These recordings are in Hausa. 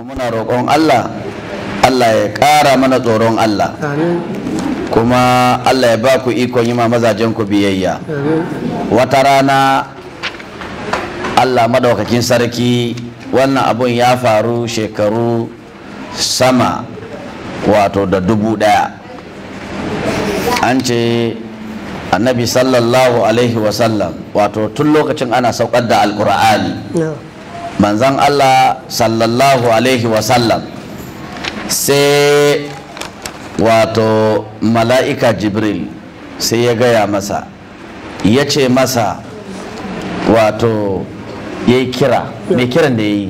muna roƙon Allah Allah ya ƙara mana tsoron Allah kuma Allah ya ba ku ikon yi ma mazajen ku biyayya wata rana Allah madaukakin sarki wannan abun ya faru shekaru sama wato da dubu ɗaya an ce annabi sallallahu alaihi wasallam wato tun lokacin ana saukar da alkur'ani manzan Allah sallallahu alaihi wasallam sai wato mala'ika jibril sai ya gaya masa ya ce masa wato ya kira mai kiran da ya yi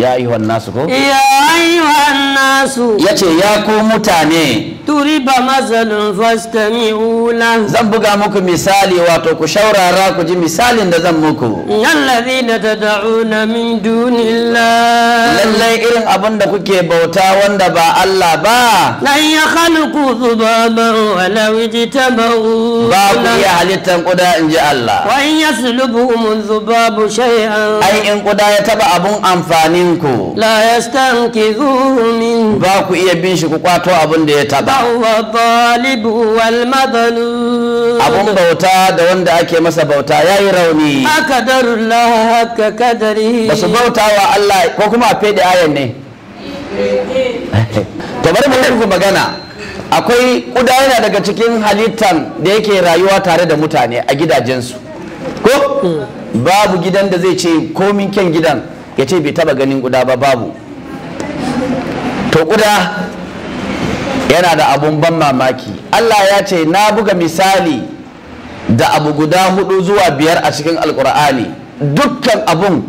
ya ayyuhan nasu ko ya ayyuhan nasu yace ya ku mutane turiba mazalun fastami'u la zan buga muku misali wato ku shaurara ku ji misalin da zan muku allazina tad'una min dunillah lallai irin abin da kuke bauta wanda ba Allah ba lan yakhluqu dhubaban wa law ijtama'u ba ku iya halittan kuda in ji Allah wa in yaslubuhum dhubabu shay'an ai in kuda ya taba abun amfanin minku la yastankizuhu min ba ku iya bin shi ku kwato abin da ya taba wa talibu wal madlul abun bauta da wanda ake masa bauta yayi rauni akadarullah hakka kadari basu bauta wa Allah ko kuma a fede ayan ne to bari mu magana akwai kuda yana daga cikin halittan da yake rayuwa tare da mutane a gidajensu ko mm. babu gidan da zai ce komin kyan gidan ya ce bai taba ganin guda ba babu to guda yana da abun ban mamaki Allah ya ce na buga misali da abu guda hudu zuwa biyar a cikin alkur'ani dukkan abun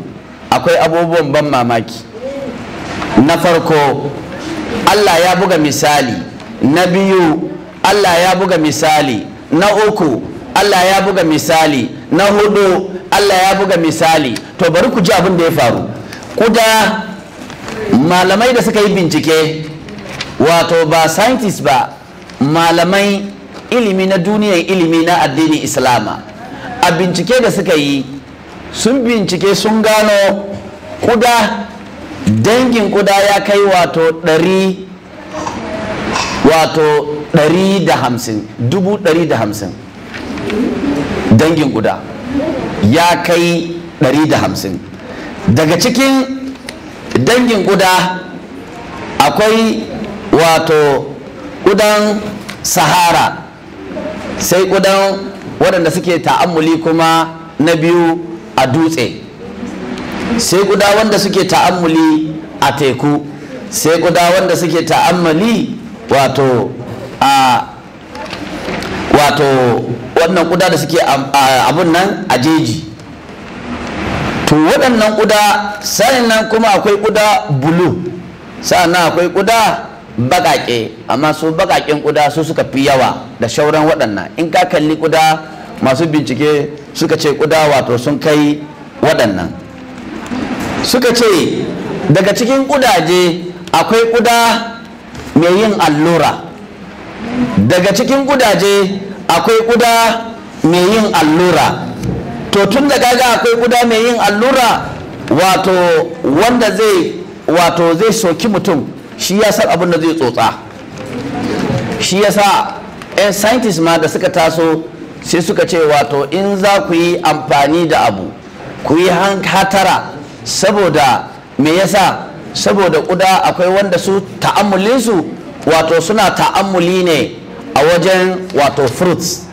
akwai abubuwan ban mamaki na farko Allah ya buga misali na biyu Allah ya buga misali na uku Allah ya buga misali na hudu Allah ya buga misali to bari ku ji abin da ya faru kuda malamai da suka yi bincike wato ba scientist ba malamai ilimi na duniya ilimi na addini islama a bincike da suka yi sun bincike sun gano kuda dangin kuda ya kai wato ɗari wato ɗari da hamsin dubu ɗari da hamsin dangin kuda ya kai ɗari da hamsin daga cikin dangin guda akwai wato ƙudan sahara sai ƙudan waɗanda suke ta'ammuli kuma na biyu a dutse sai ƙuda wanda suke ta'ammuli a teku sai ƙuda wanda suke ta'ammali wato a wato wannan ƙuda da suke abun nan a jeji to waɗannan ƙuda nan kuma akwai ƙuda bulu sa'annan akwai ƙuda baƙaƙe amma su baƙaƙen ƙuda su suka fi yawa da shauran waɗannan in ka kalli ƙuda masu bincike suka ce ƙuda wato sun kai waɗannan suka ce daga cikin ƙudaje akwai ƙuda mai yin allura daga cikin ƙudaje akwai ƙuda mai yin allura to tun da kaga akwai guda mai yin allura wato wanda zai wato zai soki mutum shi ya san abin da zai tsotsa shi ya sa 'yan scientist ma da suka taso sai suka ce wato in za ku yi amfani da abu ku yi hatara saboda me yasa saboda kuda akwai wanda su ta'amulinsu wato suna ta'amuli ne a wajen wato fruits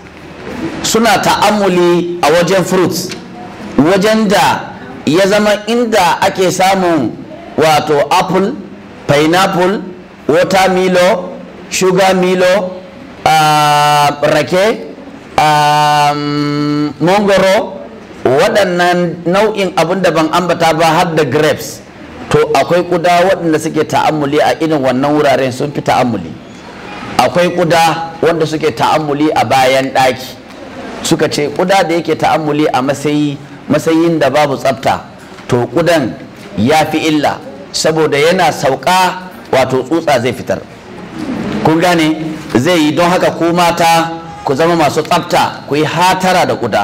suna ta'amuli a wajen fruits wajen da ya zama inda ake samun wato apple pineapple watermelon sugar milo uh, ah, rake um, ah, mongoro waɗannan nau'in abin da ban ambata ba har da grapes to akwai kuda waɗanda suke ta'amuli a irin wannan wuraren sun fi ta'amuli akwai kuda wanda suke ta'amuli a bayan ɗaki suka ce kuda da yake ta'ammuli a masayi masayin da babu tsafta to kudan ya fi illa saboda yana sauka wato tsutsa zai fitar kun gane zai yi don haka ku mata ku zama masu tsafta ku yi hatara da kuda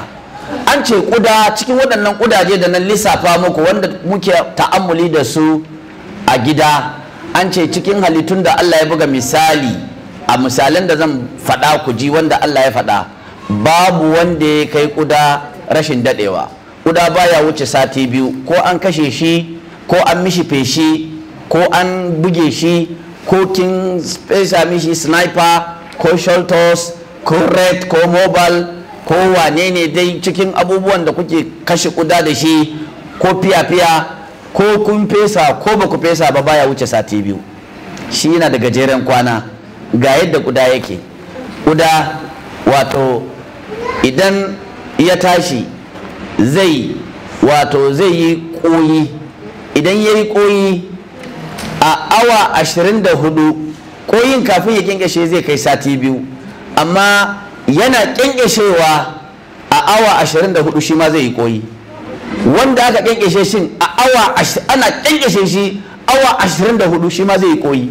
an ce kuda cikin waɗannan kudaje da nan lissafa muku wanda muke ta'ammuli da su a gida an ce cikin halittun da Allah ya buga misali a misalan da zan faɗa ku ji wanda Allah ya faɗa babu wanda ya kai kuda rashin daɗewa kuda baya wuce sati biyu ko an kashe shi ko an mishi feshi ko an buge shi ko kin fesa mishi sniper ko shelters ko red ko mobile ko wane ne dai cikin abubuwan da kuke kashe kuda da shi ko fiya-fiya ko kun fesa ko ba ku fesa ba baya wuce sati biyu shi yana da gajeren kwana ga yadda kuda yake kuda wato idan ya tashi zai wato zai yi koyi idan ya yi koyi a awa 24 koyin kafin ya kyankyashe zai kai sati biyu amma yana kyankyashewa a awa 24 shi ma zai yi koyi wanda aka kyankyashe shi a awa ana kyankyashe shi awa 24 shi ma zai yi koyi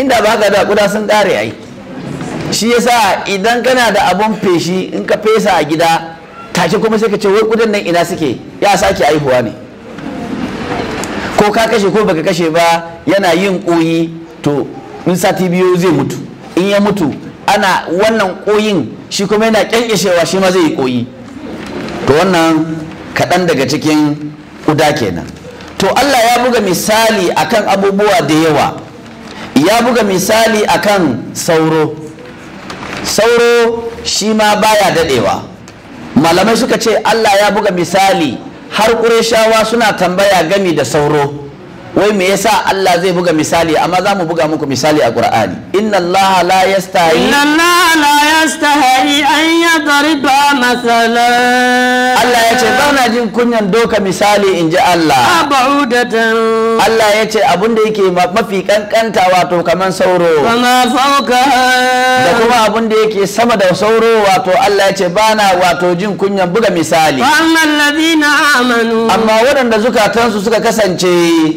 inda ba haka da kuda sun dare ai shi yasa idan kana da abun feshi in ka fesa a gida tashi kuma sai ka ce wai kudin nan ina suke ya sake aihuwa ne ko ka kashe ko baka kashe ba yana yin koyi to in sati biyu zai mutu in ya mutu ana wannan koyin shi kuma yana kyankyashewa shi ma zai yi koyi to wannan kaɗan daga cikin ƙuda kenan to Allah ya buga misali akan abubuwa da yawa ya buga misali akan sauro sauro shi ma baya dadewa malamai suka ce Allah ya buga misali har ƙureshawa suna tambaya gami da sauro wai me yasa Allah zai buga misali amma za mu buga muku misali a Qur'ani inna Allah la yastahi inna Allah la yastahi an yadriba masala Allah ya ce bana jin kunyan doka misali in ji Allah ba'udatan Allah ya ce abunda yake mafi kankanta wato kaman sauro kama fauka da kuma abunda yake sama da sauro wato Allah ya ce bana wato jin kunyan buga misali amma waɗanda zukatansu suka kasance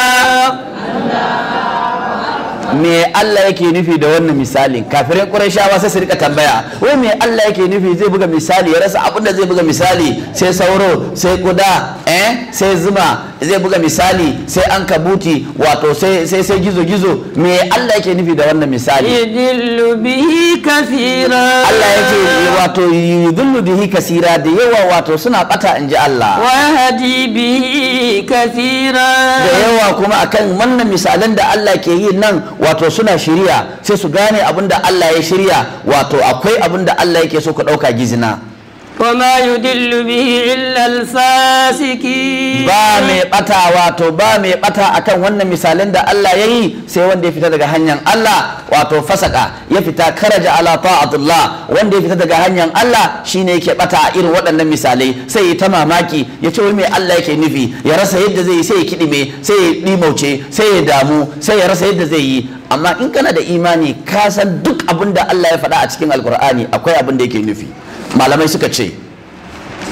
me Allah yake nufi da wannan misali kafirin Qurayshawa sai su rika tambaya wai me Allah yake nufi zai buga misali ya rasa abin da zai buga misali sai sauro sai kuda eh sai zuma zai buga misali sai an kabuti wato sai sai gizo gizo me Allah yake nufi da wannan misali yudillu bihi kasira. Allah yake wato yudillu bihi kasira da yawa wato suna bata ji Allah wa hadi bihi kasira da yawa kuma akan wannan misalan da Allah ke yi nan wato suna shirya sai su gane abin da Allah ya shirya wato akwai abin da Allah yake so ku dauka gizina وما يدل به إلا الفاسقين ba mai ɓata wato ba mai bata akan wannan misalin da Allah ya yi, sai wanda ya fita daga hanyar Allah wato fasaka ya fita karaja ala ta'atullah wanda ya fita daga hanyar Allah shine yake ɓata a irin waɗannan misalai sai ya ta mamaki ya ce wai mai Allah yake nufi ya rasa yadda zai yi sai ya kidime sai ya dimauce sai ya damu sai ya rasa yadda zai yi amma in kana da imani ka san duk abin da Allah ya faɗa a cikin alkur'ani akwai abin da yake nufi malamai suka ce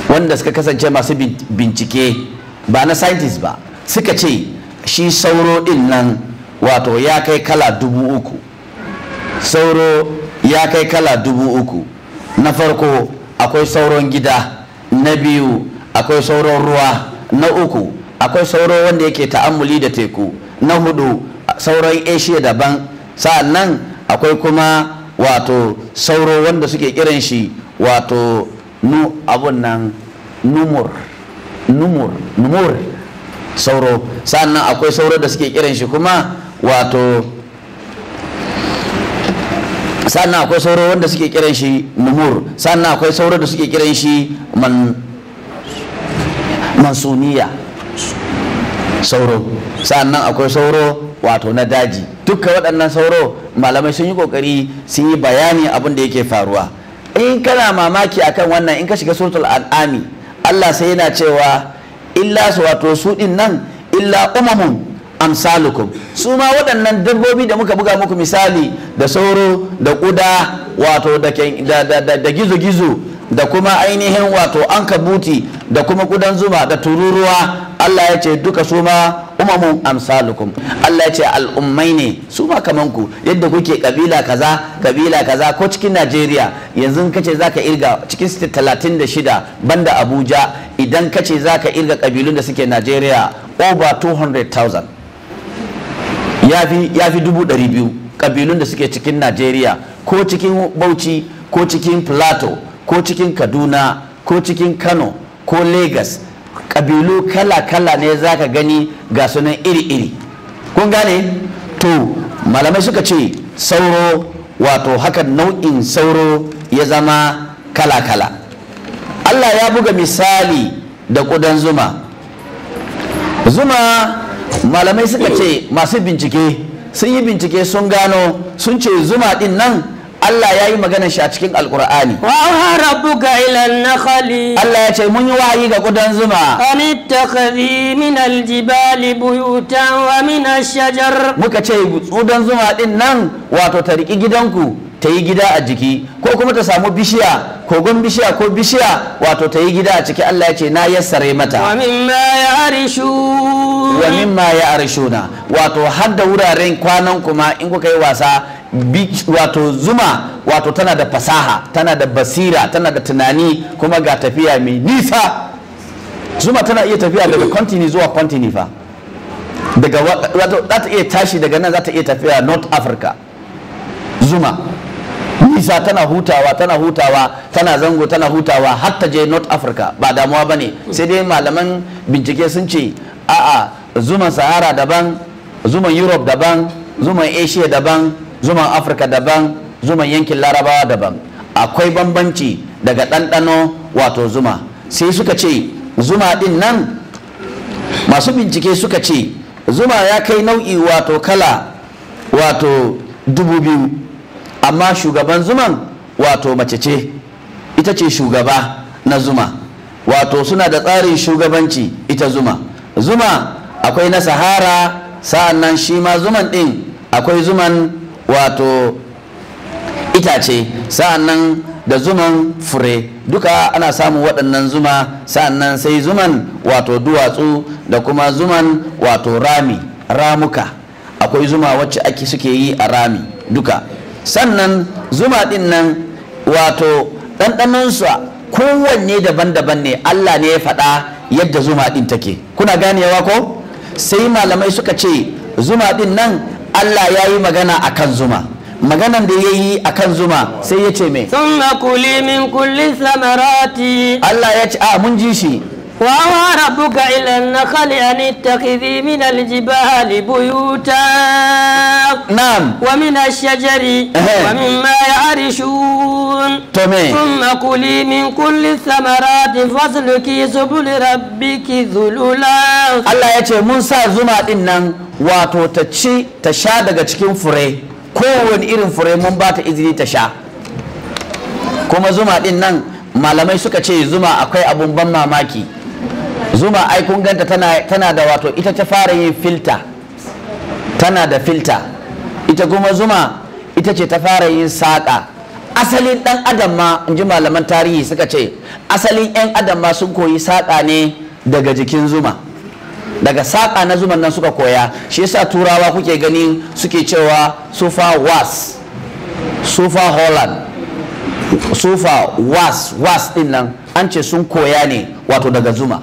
wanda suka kasance masu bincike ba na scientist ba suka ce shi sauro din nan wato ya kai kala dubu uku sauro ya kai kala dubu uku na farko akwai sauron gida na biyu akwai sauron ruwa na uku akwai sauro wanda yake ta'ammuli da teku na hudu sauron asia daban sa'an nan akwai kuma wato sauro wanda suke kiran shi wato nu abun nan numur numur numur sauro sannan akwai sauro da suke kiran shi kuma wato sannan akwai sauro wanda suke kiran shi numur sannan akwai sauro da suke kiran shi man mansuniya sauro sannan akwai sauro wato na daji dukkan waɗannan sauro malamai sun yi kokari sun yi bayani abin da yake faruwa in kana mamaki akan wannan in ka shiga suratul al'ami Allah sai yana cewa illa su wato su din nan illa umamun amsalukum su ma waɗannan dabbobi da muka buga muku misali da sauro da ƙuda wato da gizo-gizo da kuma ainihin wato an kabuti da kuma ƙudan zuma da tururuwa Allah ya ce duka su ma umamun amsalukum Allah ya ce al'ummai ne su ma kaman ku yadda kuke kabila kaza kabila kaza ko cikin Najeriya yanzu kace zaka irga cikin 36 banda Abuja idan kace zaka irga kabilun da suke Najeriya over 200,000 yafi yafi 200,000 kabilun da suke cikin Najeriya ko cikin Bauchi ko cikin Plateau ko cikin Kaduna ko cikin Kano ko Lagos ƙabilu kala-kala ne zaka gani ga sunan iri-iri kun gane to malamai suka ce sauro wato haka nau'in sauro ya zama kala-kala allah ya buga misali da ƙudan zuma zuma malamai suka ce masu bincike sun yi bincike sun gano sun ce zuma din nan Allah ya yi maganar shi a cikin alkur'ani wa rabbuka ila nakhli Allah ya ce mun yi wahayi ga ƙudan zuma ta kari min aljibali buyutan wa min ashajar. muka ce ƙudan zuma din nan wato ta riki gidanku ta yi gida a jiki ko kuma ta samu bishiya kogon bishiya ko bishiya wato ta yi gida a ciki Allah ya ce na yassare mata wa mimma ya arishuna wato har da wuraren kwanan kuma in kuka yi wasa wato zuma wato tana da fasaha tana da basira tana da tunani kuma ga tafiya mai nisa zuma tana iya tafiya daga kontini zuwa kontini fa daga wato za ta iya tashi daga nan za ta iya tafiya north africa zuma nisa tana hutawa tana hutawa tana zango tana hutawa har ta je north africa ba damuwa ba ne sai dai malaman bincike sun ce a'a zuman sahara daban zuman europe daban zuman asia daban zuman afirka daban zuman yankin larabawa daban akwai bambanci daga ɗanɗano wato zuma sai suka ce zuma ɗin nan masu bincike suka ce zuma ya kai nau'i wato kala wato dubu biyu amma shugaban zuman wato mace ce ita ce shugaba na zuma wato suna da tsarin shugabanci ita zuma zuma akwai na sahara sa'an shi ma zuman ɗin akwai zuman wato itace sa'an nan da zuman fure duka ana samun waɗannan zuma sa'an sai zuman wato duwatsu da kuma zuman wato rami ramuka akwai zuma wacce ake suke yi a rami duka sannan zuma ɗin nan wato ɗanɗanonsa kowanne daban-daban ne Allah ne ya faɗa yadda zuma ɗin take kuna ganewa ko sai malamai suka ce zuma ɗin nan Allah ya yi magana akan zuma maganan da ya yi a kan zuma sai ya ce mai sun min kulli samarati Allah ya ce a ah, mun ji shi وأوى ربك إلى النخل أن اتخذي من الجبال بيوتا نعم ومن الشجر ومما يعرشون ثم كلي من كل الثمرات فاسلكي سبل ربك ذللا الله يتي موسى زما إنن واتو تشي تشا daga cikin fure kowane irin fure mun ba ta izini ta sha kuma zuma din nan malamai suka ce zuma akwai abun ban mamaki zuma ai kun ganta tana, da wato ita ta fara yin filta tana da filta ita kuma zuma ita ce ta fara yin saƙa asalin ɗan adam ma in ji malaman tarihi suka ce asalin 'yan adam ma sun koyi saƙa ne daga jikin zuma daga saƙa na zuman nan suka koya shi yasa turawa kuke gani suke cewa sufa was sufa holland sufa was was ɗin nan an ce sun koya ne wato daga zuma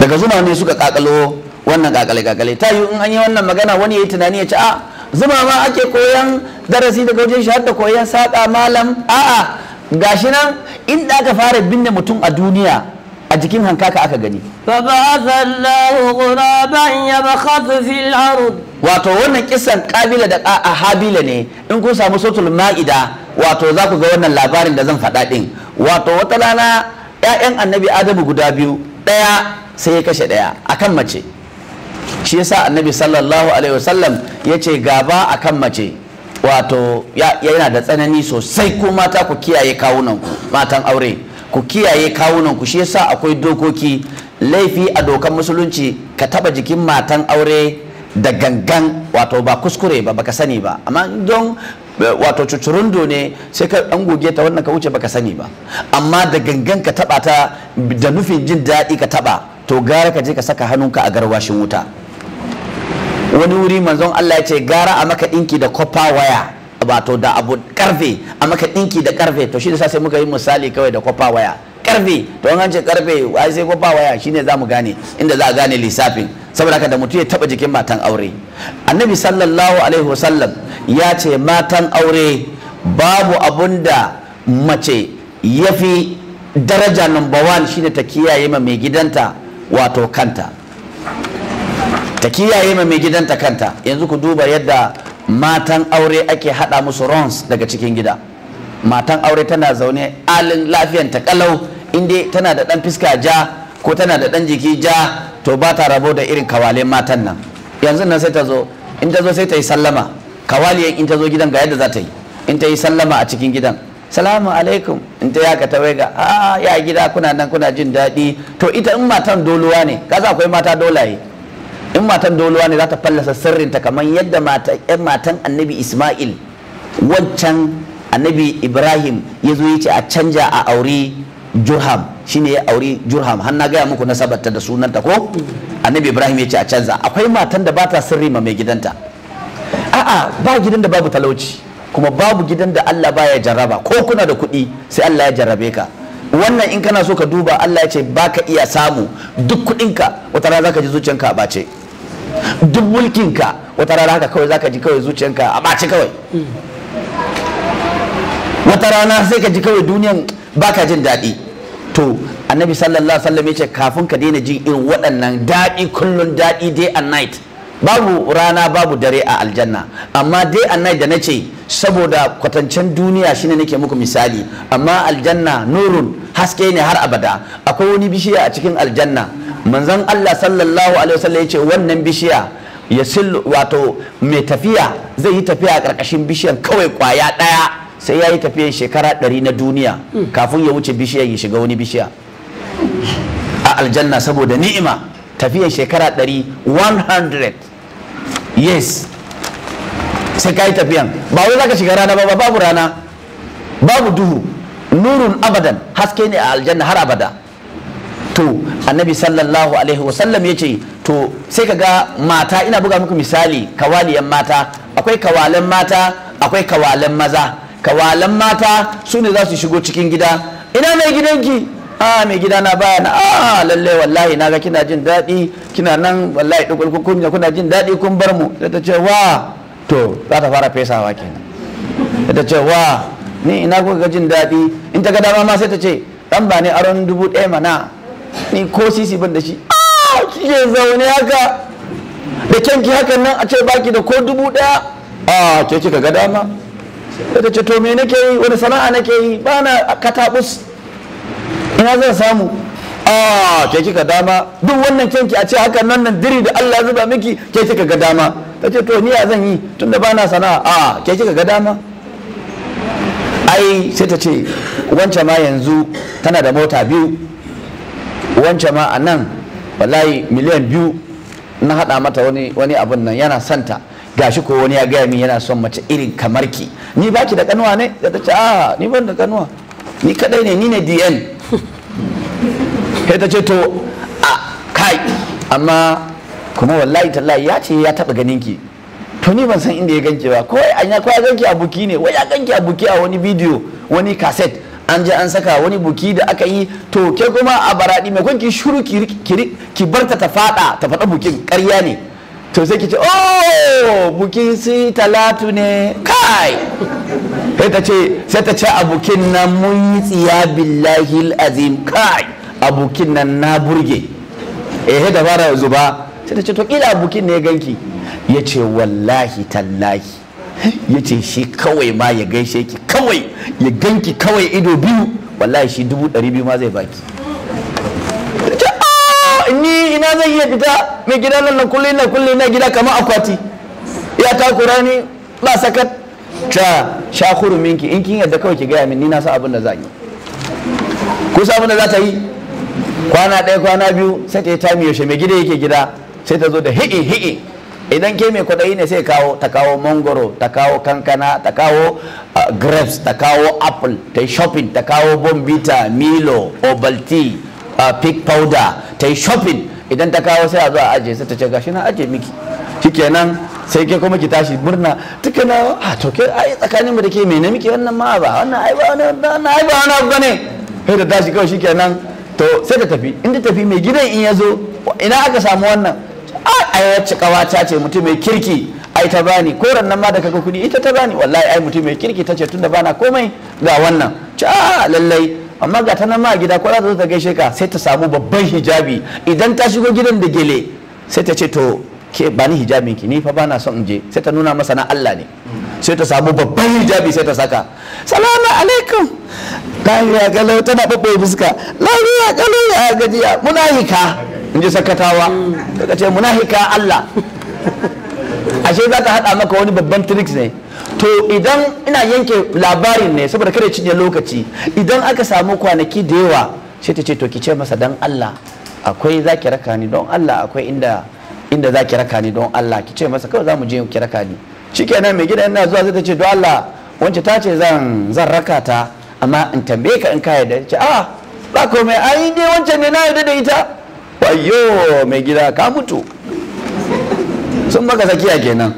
daga zuma ne suka kakalo wannan kakale kakale ta yi in an yi wannan magana wani ya yi tunani ya ci a zuma ma ake koyan darasi daga wajen shi da koyan saƙa malam a'a gashi nan inda aka fara binne mutum a duniya a jikin hankaka aka gani wato wannan kisan kabila da a habila ne in kun samu sotul ma'ida wato za ku ga wannan labarin da zan faɗa ɗin wato wata rana 'ya'yan annabi adamu guda biyu ɗaya sai ya kashe ɗaya akan mace shi yasa annabi sallallahu alaihi wasallam ya ce gaba akan mace wato yana da tsanani sosai ko mata ku kiyaye kawunanku matan aure ku kiyaye kawunanku shi yasa akwai dokoki laifi a dokan musulunci ka taba jikin matan aure da gangan wato ba kuskure ba baka sani ba amma don eh, wato cucurundo ne sai ka dan goge ta wannan ka wuce baka sani ba amma da gangan ka taba ta da nufin jin daɗi ka taba to gara ka je ka saka hannunka a garwashin wuta wani wuri manzon Allah ya ce gara a maka ɗinki da copper waya wato da abu karfe a maka dinki da karfe to shi da sai muka yi misali kawai da kwafa waya karfe to an ce karfe ai sai kwafa waya shine za mu gane inda za a gane lissafin saboda haka da mutum ya taba jikin matan aure annabi sallallahu alaihi wasallam ya ce matan aure babu abun da mace ya fi daraja number one shine ta kiyaye ma mai gidanta wato kanta ta kiyaye ma mai gidanta kanta yanzu ku duba yadda matan aure ake hada musu rons daga cikin gida matan aure tana zaune alin lafiyan ta kalau inda tana da dan fiska ja ko tana da dan jiki ja to ba ta rabo da irin kawalen matan nan yanzu nan sai ta zo in ta zo sai ta yi sallama kawaliyan in ta zo gidan ga yadda za ta yi in ta yi sallama a cikin gidan salamu alaikum in ta yaka ta waiga a ya gida kuna nan kuna jin daɗi to ita in matan doluwa ne kaza akwai mata dolaye in matan doluwa ne za ta fallasa sirrinta kamar yadda yan matan annabi isma'il wancan annabi ibrahim ya zo ya ce a canja a aure jurham shine ya aure jurham har na gaya muku nasabarta da sunanta ko annabi ibrahim ya ce a canza akwai matan da ba ta sirri ma mai gidanta a'a ba gidan da babu talauci kuma babu gidan da allah baya jarraba ko kuna da kuɗi sai allah ya jarrabe ka wannan in kana so ka duba Allah ya ce baka iya samu duk kuɗinka wata rana zaka ji zuciyanka a bace duk mulkinka wata rana haka kawai zaka ji kawai zuciyanka a ɓaci kawai wata rana sai ka ji kawai duniyan baka jin daɗi to annabi sallallahu alaihi wasallam ce kafin ka daina jin irin waɗannan daɗi kullun daɗi day and night babu rana babu dare a aljanna amma day and night da na ce saboda kwatancen duniya shine nake muku misali amma aljanna nurun haske ne har abada akwai wani bishiya a cikin aljanna manzon Allah sallallahu alaihi wasallam yace wannan bishiya ya sil wato mai tafiya zai yi tafiya a karkashin bishiyar kawai kwaya daya sai ya yi tafiyan shekara ɗari na duniya kafin ya wuce bishiyar ya shiga wani bishiya a aljanna saboda ni'ima tafiyar shekara ɗari 100 yes sai ka yi tafiyan ba wai zaka shiga rana ba babu rana babu duhu nurun abadan haske ne a aljanna har abada to annabi sallallahu alaihi wa ya ce to sai ka ga mata ina buga muku misali kawaliyan mata akwai kawalan mata akwai kawalan maza kawalan mata su ne za su shigo cikin gida ina mai gidanki a mai gida na baya na a lalle wallahi na ga kina jin daɗi kina nan wallahi ɗin kuna jin daɗi kun bar mu da ta ce wa to za ta fara fesawa kenan ta ce wa ni ina kuka ga jin daɗi in ta ga dama ma sai ta ce dan ba ne aron dubu ɗaya mana ni ko sisi ban da shi kike zaune haka da kyanki hakan nan a ce baki da ko dubu ɗaya a ke kika ga dama sai ta ce to me nake yi wani sana'a nake yi ba na katabus ina zan samu Aa ke kika dama duk wannan kyanki a ce haka nan nan diri da Allah zuba miki ke kika ga dama ta ce to ni ya zan yi tun da bana sana'a a ke kika ga dama ai sai ta ce wancan ma yanzu tana da mota biyu wancan ma a nan wallahi miliyan biyu na haɗa mata wani wani abun nan yana santa gashi ko wani ya gaya min yana son mace irin kamar ki ni baki da kanuwa ne ta ce a ni ban da kanuwa ni kadai ne ni ne dn sai ta ce to a kai amma kuma wallahi tallahi ya ce ya taba ganin ki to ni ban san inda ya ganke ba ko an ya koya ganki a buki ne wai ya ganki a buki a wani bidiyo wani kaset an je an saka wani buki da aka yi to ke kuma a baradi mai kwanki shuru ki barta ta ta fada ta fada bukin karya ne to sai ki ce oh bukin si talatu ne kai sai ta ce sai ta ce abokin nan mun yi tsiya billahi azim kai abokin nan na burge eh da ta fara zuba sai ta ce to kila abokin ne ganki ya ce wallahi tallahi ya ce shi kawai ma ya gaishe ki kawai ya ganki kawai ido biyu wallahi shi dubu ɗari biyu ma zai baki ni ina zai iya fita mai gida nan nan na kulle na gida kamar akwati ya takura ni ba sakat ta sha minki in kin yadda kawai ki gaya min ni na sa abin da za yi ko sa abin da za ta yi kwana ɗaya kwana biyu sai ta yi tami yaushe mai gida yake gida sai ta zo da hi'i hi'i idan ke mai kwaɗayi ne sai kawo ta kawo mangoro ta kawo kankana ta kawo ah, grapes ta kawo apple ta yi shopping ta kawo bombita milo obalti pick powder ta yi shopping idan ta kawo sai a zo a aje sai ta ce gashi na aje miki shikenan sai ke kuma ki tashi murna tuka na a ah, to ke ai tsakanin mu da ke mene miki wannan ma ba wannan ai ba wannan ai ba wannan abu bane sai ta tashi kawai shikenan to sai ta tafi in ta tafi mai gidan in ya zo ina aka samu wannan ah, ai wacce kawata ce mutum mai kirki ai ta bani ko rannan ma da kaga kuɗi ita ta bani wallahi ai mutum mai kirki ta ce tunda bana komai ga wannan ci a ah, lallai amma ga ta ma a gida ko za ta zo ta gaishe ka sai ta samu babban hijabi idan ta shigo gidan da gele sai ta ce to ke ba ni hijabin ki ni fa ba na son in je sai ta nuna masa na Allah ne sai ta samu babban hijabi sai ta saka salamu alaikum lafiya kalau tana babbar fuska lafiya galo ya gajiya munahika in ji sakatawa daga ce munahika Allah ashe za ka haɗa maka wani babban tricks ne to idan ina yanke labarin ne saboda kada cinye lokaci idan aka samu kwanaki da yawa sai ta ce to ki ce masa dan Allah akwai za ki raka ni don Allah akwai inda inda za ki raka ni don Allah ki ce masa kawai za mu je ki raka ni shikenan mai gidan ina zuwa zai ta ce don Allah wance ta ce zan zan raka ta amma in tambaye ka in ka yarda ce a ah, ba komai ai dai wancan ne na yarda da ita wayo mai gida ka mutu sun baka tsakiya kenan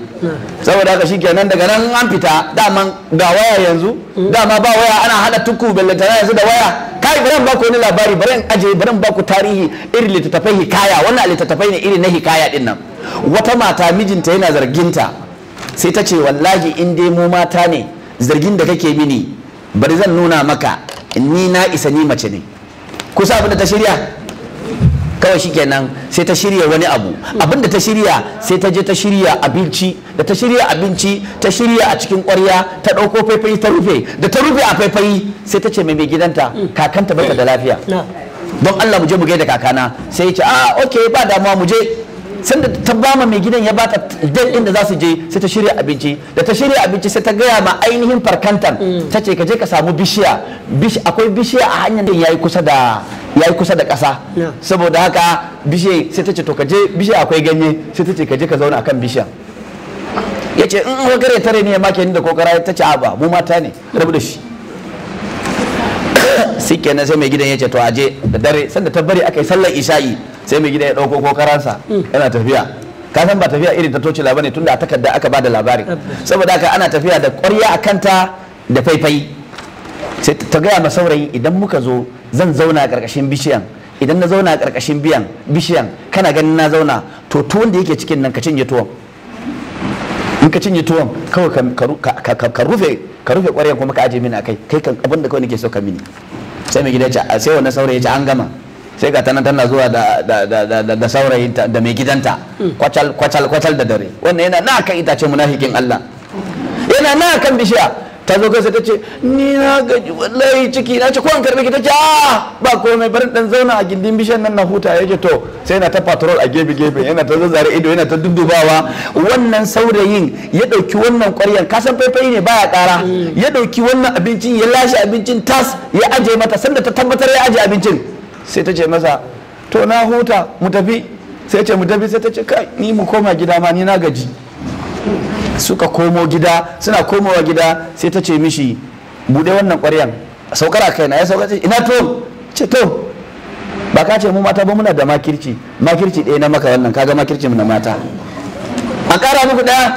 saboda haka shikenan daga nan an fita dama ga waya yanzu dama ba waya ana hada tuku bellantana yanzu da waya kai bari ba ku wani labari bari ajiye bari ba ku tarihi irin littattafai hikaya wannan littattafai ne irin na hikaya din nan wata mata mijinta yana zarginta sai ta ce wallahi in dai mu mata ne zargin da kake mini bari zan nuna maka ni na isa ni mace ne kusa abin da ta shirya kawai shikenan sai ta shirya wani abu abin da ta shirya sai ta je ta shirya abinci da ta shirya abinci ta shirya a cikin kwarya ta dauko faifayi ta rufe da ta rufe a faifayi sai ta ce mai gidanta kakanta bata da lafiya don Allah mu je mu gaida kakana sai ya ce a ah, ok ba damuwa mu je sanda ta bama mai gidan ya bata dal inda za su je sai ta shirya abinci da ta shirya abinci sai ta gaya ma ainihin farkantan mm. ta ce ka je ka samu bishiya akwai bishiya a hanyar da yayi kusa da yayi kusa da ƙasa saboda haka bishiya sai ta ce to ka je bishiya akwai ganye sai ta ce ka je ka zauna akan bishiya ya ce in wakare tare ne ya make ni da kokara ta ce ba mu mata ne rabu da shi sai kenan sai mai gidan ya ce to aje da dare sanda ta bari akai yi sallar isha'i sai mai gida ya dauko ko karansa mm. yana tafiya ka san ba tafiya irin ta toci labari tunda a takarda aka bada labari saboda haka ana tafiya da ƙwarya a kanta da faifai sai ta gaya ma saurayi idan muka zo zan zauna a ƙarƙashin bishiyan idan na zauna a ƙarƙashin biyan bishiyan kana ganin na zauna to tuwon da yake cikin nan ka cinye tuwon in ka cinye tuwon kawai ka rufe ka rufe ƙwarya kuma ka aje mini akai kai kan abin da kawai nake so ka mini sai mai gida sai wannan saurayi ya ce an gama sai ga tana tana zuwa da saurayinta da mai gidanta mm. kwacal kwacal kwacal da dare wannan yana na kan itace munafikin Allah yana na kan bishiya ta zo gasa ta ce ni na gaji wallahi ciki na ce ko an karbe ki ta ce ah, ba komai bari dan zauna a gindin bishiyar nan na huta yake to sai na ta patrol a gefe gefe yana ta zazzare ido yana ta dudubawa. wannan saurayin ya dauki wannan ƙwaryar kasan faifai ne baya ƙara mm. ya dauki wannan abincin ya lashe abincin tas ya aje mata sanda ta tabbatar ya ajiye abincin sai ta ce masa to na huta mu tafi sai ce mu tafi sai ta ce kai ni mu koma gida ma ni na gaji suka komo gida suna komowa gida sai ta ce mishi bude wannan ƙwaryan saukar a kaina ya sauka ce ina to ce to ba ka ce mu mata ba muna da makirci makirci ɗaya na maka wannan kaga makirci na mata a ƙara muku ɗaya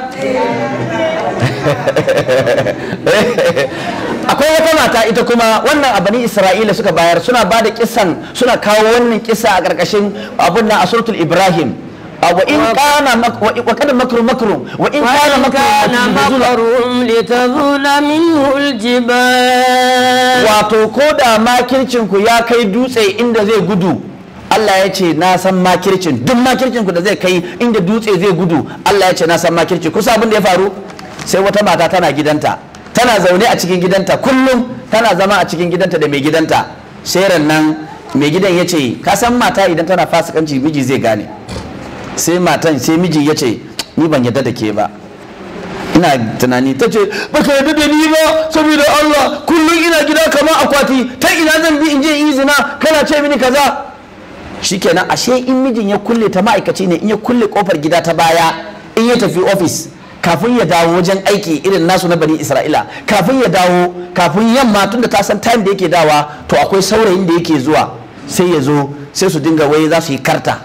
akwai wata mata ita kuma wannan abani isra'ila suka bayar suna ba da kisan suna kawo wannan kisa a ƙarƙashin abun na asuratul ibrahim وإن كان وقد مكر مكر وإن كان مكر لتزول منه الجبال wato ko da makircinku ya kai dutse inda zai gudu Allah ya ce na san makircin duk makircin ku da zai kai inda dutse zai gudu Allah ya ce na san makirci kusa abin da ya faru sai wata mata tana gidanta tana zaune a cikin gidanta kullum tana zama a cikin gidanta da mai gidanta sai nan mai gidan ya ce ka san mata idan tana fasikanci miji zai gane sai matan sai miji ya ce ni ban yadda da ke ba ina tunani ta ce ba ka da ni ba saboda Allah kullum ina gida kamar akwati ta ina zan bi in je izina, zina kana ce mini kaza shikenan ashe in mijin ya kulle ta ma'aikaci ne in ya kulle kofar gida ta baya in ya tafi ofis kafin ya dawo wajen aiki irin nasu na bani isra'ila kafin ya dawo kafin yamma tunda ta san time da yake dawa to akwai saurayin da yake zuwa sai ya zo sai su dinga wai za su yi karta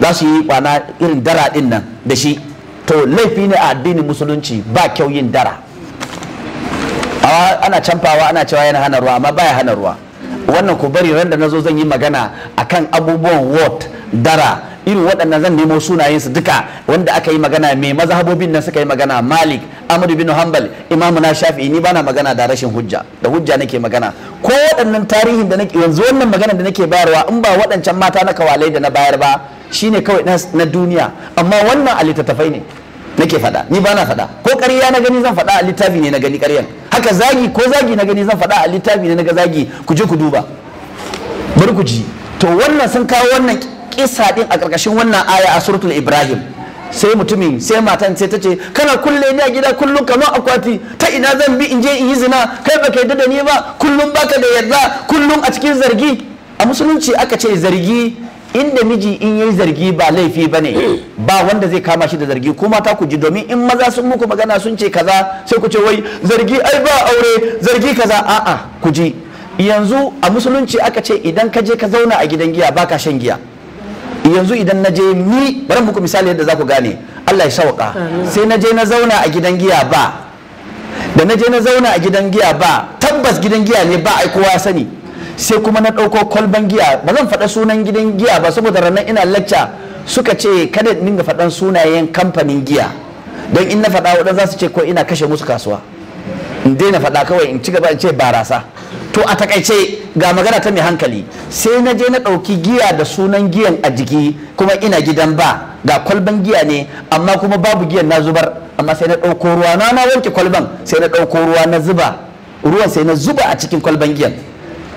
za su yi kwana irin dara din nan da shi to laifi ne a addinin musulunci ba kyau yin dara ana canfawa ana cewa yana hana ruwa amma baya hana ruwa wannan ku bari randa da na zo zan yi magana akan abubuwan wat dara irin waɗannan zan nemo sunayensu duka wanda aka yi magana mai mazhabobin nan suka yi magana malik amadu bin hanbal imamu na shafi ni bana magana da rashin hujja da hujja nake magana ko waɗannan tarihin da nake yanzu wannan magana da nake bayarwa in ba waɗancan mata na kawalai da na bayar ba shine kawai na duniya amma wannan a littattafai ne nake faɗa ni ba na faɗa ko ƙarya na gani zan faɗa a littafi ne na gani ƙaryan haka zagi ko zagi na gani zan faɗa a littafi ne na ga zagi ku je ku duba bari ku ji to wannan sun kawo wannan kisa din a ƙarƙashin wannan aya a suratul ibrahim sai mutumin sai matan sai ta ce kana kulle ni a gida kullum kamar akwati ta ina zan bi in je in yi zina kai baka yarda da ni ba kullum baka da yarda kullum a cikin zargi a musulunci aka ce zargi inda miji in yi zargi ba laifi ba ne hmm. ba wanda zai kama shi da zargi kuma mata ku ji domin in maza sun muku magana sun ce kaza sai ku ce wai zargi ai ba aure zargi kaza a'a ku ji yanzu a musulunci aka ce idan ka je ka zauna a gidan giya baka shan giya yanzu idan na je ni bari muku misali yadda za ku gane Allah ya sauka sai na je na zauna a gidan giya ba da na je na zauna a gidan giya ba tabbas gidan giya ne ba ai kowa ya sani sai kuma na ɗauko kwalban giya ba zan faɗa sunan gidan giya ba saboda ranar ina lacca suka ce kada in ga faɗan sunayen kamfanin giya don in na faɗa waɗanda za su ce ko ina kashe musu kasuwa in daina faɗa kawai in ci gaba in ce barasa to a takaice ga magana ta mai hankali sai na je na ɗauki giya da sunan giyan a jiki kuma ina gidan ba ga kwalban giya ne amma kuma babu giyan na zubar amma sai na ɗauko ruwa na na wanke kwalban sai na ɗauko ruwa na zuba ruwan sai na zuba a cikin kwalban giyan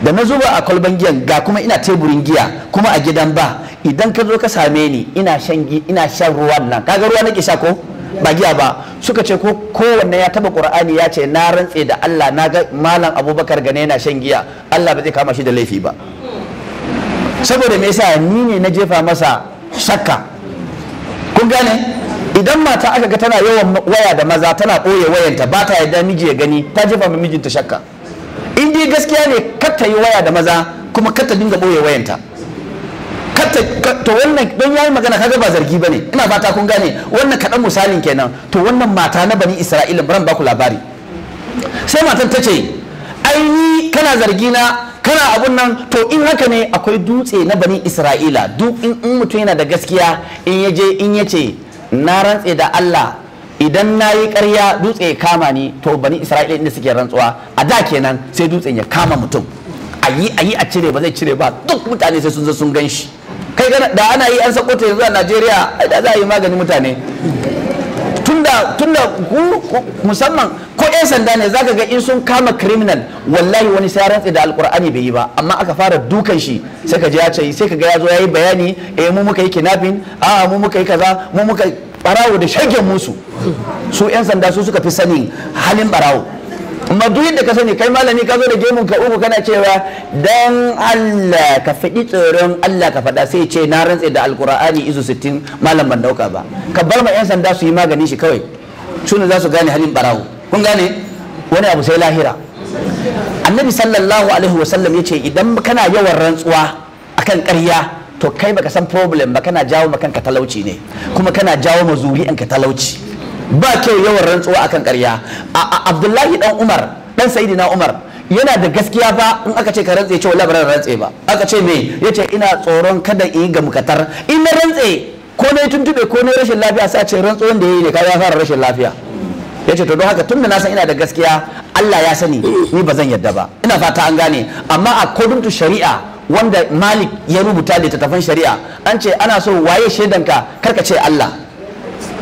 da na zuba a kwalban giyan ga kuma ina teburin giya kuma a gidan ba idan ka zo ka same ni ina shan ina shan ruwan nan kaga ruwa nake sha ko ba giya ba suka ce ko kowanne ya taba qur'ani ya ce na rantse da Allah na ga malam Abubakar gane yana shan giya Allah ba zai kama shi da laifi ba saboda me yasa ni ne na jefa masa shakka kun gane idan mata aka ga tana yawan waya da maza tana ɓoye wayanta ba ta yarda miji ya gani ta jefa ma mijinta shakka in dai gaskiya ne kata ta yi waya da maza kuma kar ta dinga boye wayanta to wannan don yayi magana kaga ba zargi bane ina fata kun gane wannan kaɗan misalin kenan to wannan mata na bani isra'ila bran baku labari sai matan ta ce aini kana zargi na kana abun nan to in haka ne akwai dutse na bani isra'ila duk in mutum yana da gaskiya in ya je in ya ce na rantse da allah idan na yi karya dutse ya kama ni to bani isra'ila inda suke rantsuwa a da kenan sai dutsen ya kama mutum a yi a yi a cire ba zai cire ba duk mutane sai sun zo sun gan shi kai da ana yi an sako ta yanzu a Najeriya ai da za a yi magani mutane tunda tunda musamman ko yan sanda ne zaka ga in sun kama criminal wallahi wani sai rantsi da alkur'ani bai yi ba amma aka fara dukan shi sai ka ji ya ce sai ka ga ya zo yayi bayani eh mu muka yi kidnapping a mu muka yi kaza mu muka barawo da shagen musu su yan sanda su suka fi sani halin barawo amma da ka sani kai malami ka zo da gemun ka uku kana cewa dan Allah ka faɗi tsoron Allah ka faɗa sai ce na rantse da alkur'ani izu 60 malam ban dauka ba ka bar ma yan sanda su yi magani shi kawai suna za su gane halin barawo kun gane wani abu sai lahira annabi sallallahu alaihi wasallam yace idan kana yawan rantsuwa akan ƙarya to kai baka san problem ba kana jawo ma kanka talauci ne kuma kana jawo ma ka talauci ba kyau yawan rantsuwa akan ƙarya abdullahi dan umar dan na umar yana da gaskiya ba in aka ce ka rantse ce wallahi ba rantse ba aka ce me yace ina tsoron kada in yi gamkatar in na rantse ko na tuntube ko na rashin lafiya sai a ce rantsuwan da yayi ne ka ya fara rashin lafiya yace to don haka tunda na san ina da gaskiya Allah ya sani ni ba zan yadda ba ina fata an gane amma a kodin shari'a wanda malik ya rubuta littattafan shari'a an ce ana so waye shaidanka karka ce Allah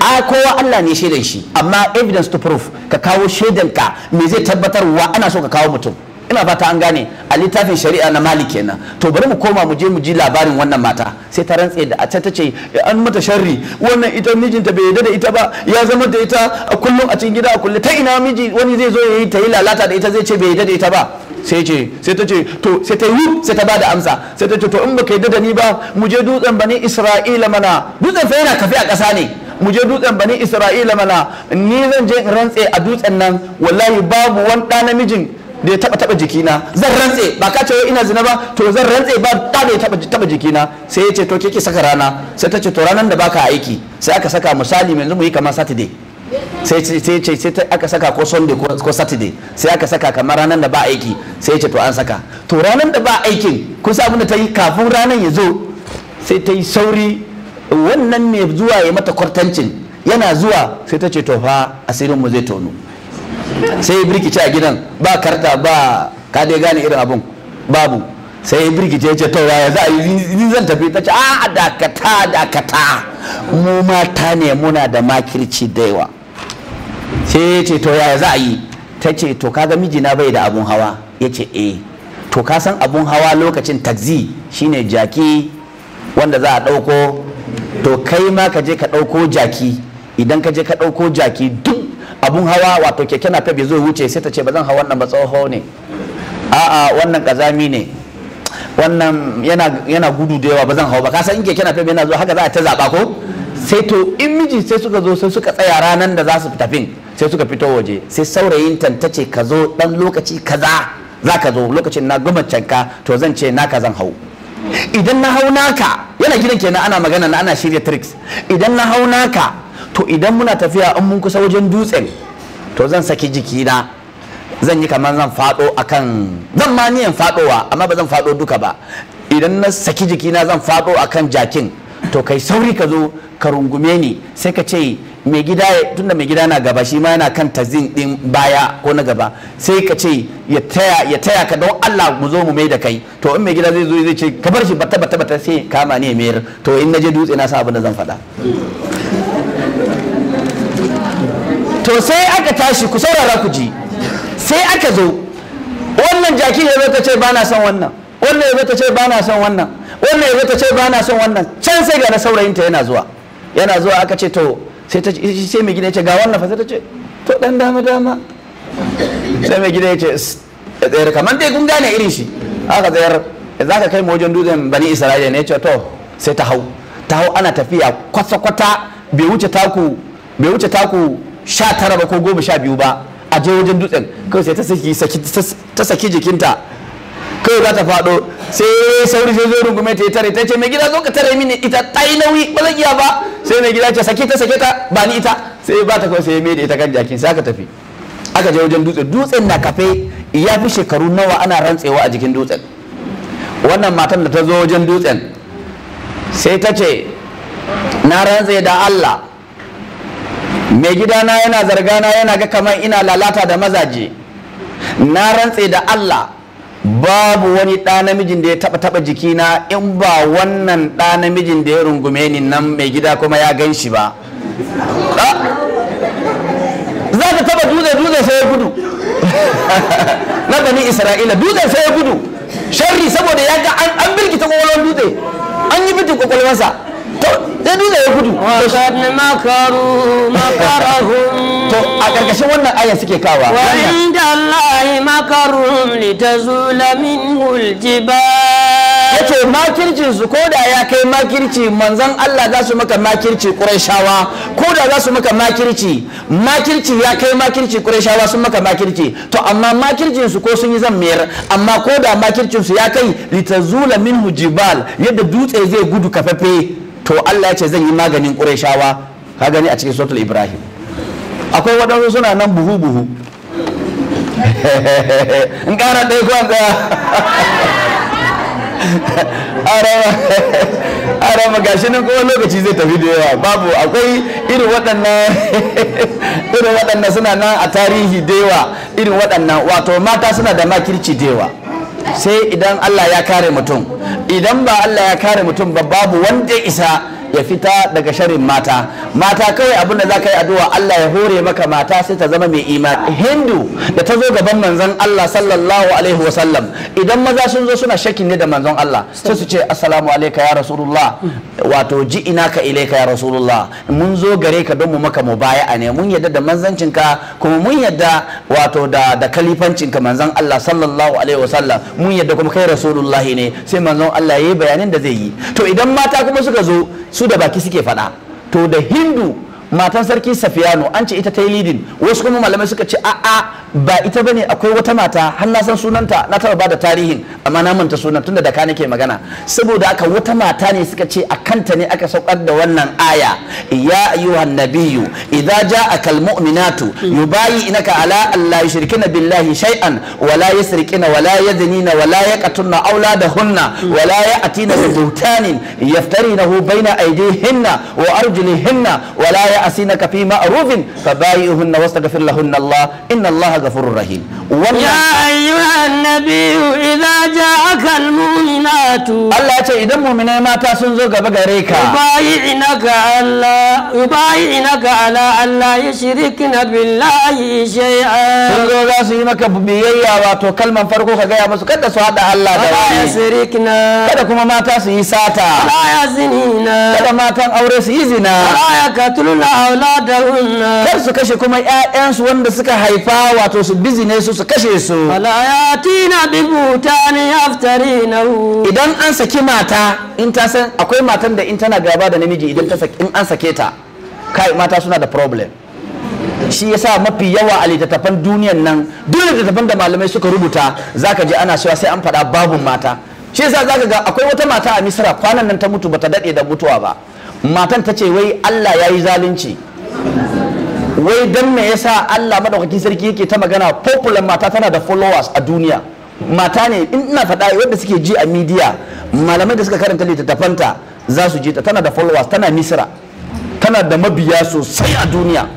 a kowa Allah ne shaidan shi amma evidence to proof ka kawo shaidan ka me zai tabbatar wa ana so ka kawo mutum ina fata an gane a littafin shari'a na mali kenan to bari mu koma mu je mu ji labarin wannan mata sai ta rantse da a ta ce an mata sharri wannan ita mijinta bai yarda da ita ba ya zama da ita a kullum a cikin gida a kullum ta ina miji wani zai zo yayi ta yi lalata da ita zai ce bai yarda da ita ba sai ce sai ta ce to sai ta yi sai ta bada amsa sai ta ce to in baka yarda da ni ba mu je dutsen bani isra'ila mana dutsen fa yana kafi a ƙasa ne mu je dutsen bani isra'ila mana ni zan je in rantse a dutsen nan wallahi babu wani ɗa namijin da ya taba taba jikina zan rantse ba ka ce ina zina ba to zan rantse ba ta da ya taba jikina sai ya ce to kike saka rana sai ta ce to ranan da baka aiki sai aka saka misali yanzu mu yi kamar saturday sai sai ce sai aka saka ko sunday ko saturday sai aka saka kamar ranan da ba aiki sai ya ce to an saka to ranan da ba aikin kun sa abin da ta yi kafin ranan ya zo sai ta yi sauri wannan ne zuwa ya mata kwartancin yana zuwa sai ta ce to fa asirin mu zai tono sai ya birkice a gidan ba karta ba ka dai gane irin abun babu sai ya birkice ya ce to ya za a yi ni zan tafi ta ce a dakata dakata mu mata ne muna da makirci da yawa sai ya ce to ya za a yi ta ce to kaga mijina bai da abun hawa ya ce eh to ka san abun hawa lokacin taxi shine jaki wanda za a ɗauko to kai ma ka je ka ɗauko jaki idan ka je ka ɗauko jaki duk abun hawa wato keke na fabi zuwa wuce sai ta ce ba zan hawa wannan ba tsoho ne a'a wannan kazami ne wannan yana gudu da yawa ba zan hawa ba ka in keke na yana zo haka za a ta zaba ko sai to in miji sai suka zo sai suka tsaya ranar da za su tafi sai suka fito waje sai saurayin ce ka zo dan lokaci kaza za ka zo lokacin na gama to zan ce naka zan hau idan na hau naka yana gidan kenan ana magana na ana shirya tricks idan na hau naka to idan muna tafiya an mun kusa wajen dutse to zan saki jikina zan yi kamar zan fado akan zan ma niyan fadowa amma ba zan fado duka ba idan na saki jikina zan fado akan jakin to kai sauri ka zo ka rungume ni sai ka ce mai gida tunda mai gida na gaba shi ma yana kan tazin din baya ko na gaba sai ka ce ya taya ya taya ka don Allah mu zo mu mai da kai to in mai gida zai zo zai ce ka bar shi bata bata bata sai kama ne mayar to in naje dutse na sa abin da zan faɗa to sai aka tashi ku saurara ku ji sai aka zo wannan jaki ya zo ta ce ba na son wannan wannan ya zo ta ce ba na son wannan wannan ya zo ta ce ba na son wannan can sai ga na saurayinta yana zuwa yana zuwa aka ce to sai ta ce mai gida ya ce ga wannan fa sai ta ce to dan dama dama sai mai gida ya ce tsayar kamar dai kun gane irin shi aka tsayar za ka kai wajen dutsen bani isra'ila ne ce to sai ta hau ta hau ana tafiya kwata-kwata bai wuce taku bai wuce taku sha tara ba ko goma sha biyu ba a je wajen dutsen kawai sai ta saki jikinta kawai za ta faɗo sai sauri sai zo rungume ta tare ta ce mai gida zo ka tare mini ita ta yi nauyi ba zan iya ba sai mai gida ce sake ta sake ta ba ni ita sai ba ta kawai sai mai da ita kan jakin sai aka tafi aka je wajen dutse dutsen na kafe ya fi shekaru nawa ana rantsewa a jikin dutsen wannan matan da ta zo wajen dutsen sai ta ce na rantse da Allah mai gidana yana zargana yana ga kamar ina lalata da mazaje na rantse da Allah babu wani ɗa namijin da ya taɓa taɓa jikina in ba wannan ɗa namijin da ya rungume ni nan mai gida kuma ya gan shi ba ah! za ka taɓa dutse dutse sai ya gudu na bani isra'ila dutse sai ya gudu sharri saboda ya ga an birkita kwakwalwar dutse an yi bitin kwakwalwarsa zai dutse ya gudu to a ƙarƙashin wannan aya suke kawa wa inda Allahi makarum litazula minhul jibal yace makircin su koda ya kai makirci manzon Allah za su maka makirci Qurayshawa koda za su maka makirci makirci ya kai makirci Qurayshawa sun maka makirci to amma makircin su ko sun yi zan mayar amma koda makircin su ya kai litazula minhu jibal yadda dutse zai gudu kafafe to Allah ya ce zan yi maganin Qurayshawa ka gani a cikin suratul Ibrahim akwai waɗansu suna nan buhu buhu in ƙara ɗaya ko ɗaya arama gashi nan kowa lokaci zai tafi da yawa babu akwai irin waɗannan irin waɗannan suna nan a tarihi da yawa irin waɗannan wato mata suna da makirci da yawa sai idan Allah ya kare mutum idan ba Allah ya kare mutum ba babu wanda isa ya fita daga sharin mata mata kawai abin da za ka yi addu'a Allah ya hore maka mata sai ta zama mai imani hindu da ta zo gaban manzon Allah sallallahu alaihi wasallam idan maza sun zo suna shakin ne da manzon Allah sai su ce assalamu alaika ya rasulullah wato ji ina ka ilaika ya rasulullah mun zo gare ka don mu maka mubaya'a ne mun yadda da manzancinka kuma mun yadda wato da da ka manzon Allah sallallahu alaihi wasallam mun yadda kuma kai rasulullahi ne sai manzon Allah ya yi bayanin da zai yi to idan mata kuma suka zo su da baki suke faɗa to da hindu matan sarki safiyano an ce ita ta yi lidin wasu kuma malamai suka ce a'a ba ita bane akwai wata mata har na san sunanta na taba bada tarihin amma na manta sunan tunda da ka ke magana saboda aka wata mata ne suka ce a kanta ne aka saukar da wannan aya ya ayyuhan nabiyyu idza ja'akal mu'minatu inaka ala allahi yushrikina billahi shay'an wala yusrikina wala yadnina wala yaqtuna auladahunna wala ya'tina bi buhtanin yaftarinahu baina aydihinna wa arjulihinna wala ya'sinaka fi ma'rufin fabayihunna wastaghfir lahunna Allah inna Allah غفور رحيم يا أيها النبي إذا جاءك المؤمنات الله يتي إذا مؤمنين ما تسنزو غبغريكا يبايعنك على يبايعنك على لا يشركن بالله شيئا سنزو غاسي مكا بيئيا واتو كلمة فرقو كغايا مسو كده سواد الله لا يشركنا كده كما ما تسي ساتا لا يزنينا كده ما تن أورس يزنا لا يقتلون أولادهن كده سكشي كما يأنس وند سكا هيفا واتو wato su bizine su su kashe su falayatina bi butani yaftarinahu idan an saki mata in ta san akwai matan da in tana gaba da namiji idan ta saki in an sake ta kai mata suna da problem shi yasa mafi yawa a littattafan duniyan nan duk littattafan da malamai suka rubuta zaka ji ana cewa sai an faɗa babun mata shi yasa zaka ga akwai wata mata a misra kwanan nan ta mutu bata daɗe da mutuwa ba matan ta ce wai allah ya yi zalunci wai dan me yasa Allah madaukakin sarki yake ta magana popular mata tana da followers a duniya mata ne in ina faɗa wanda suke ji a media malamai da suka karanta littattafanta za su ji ta tana da followers tana misra tana da mabiya sosai a duniya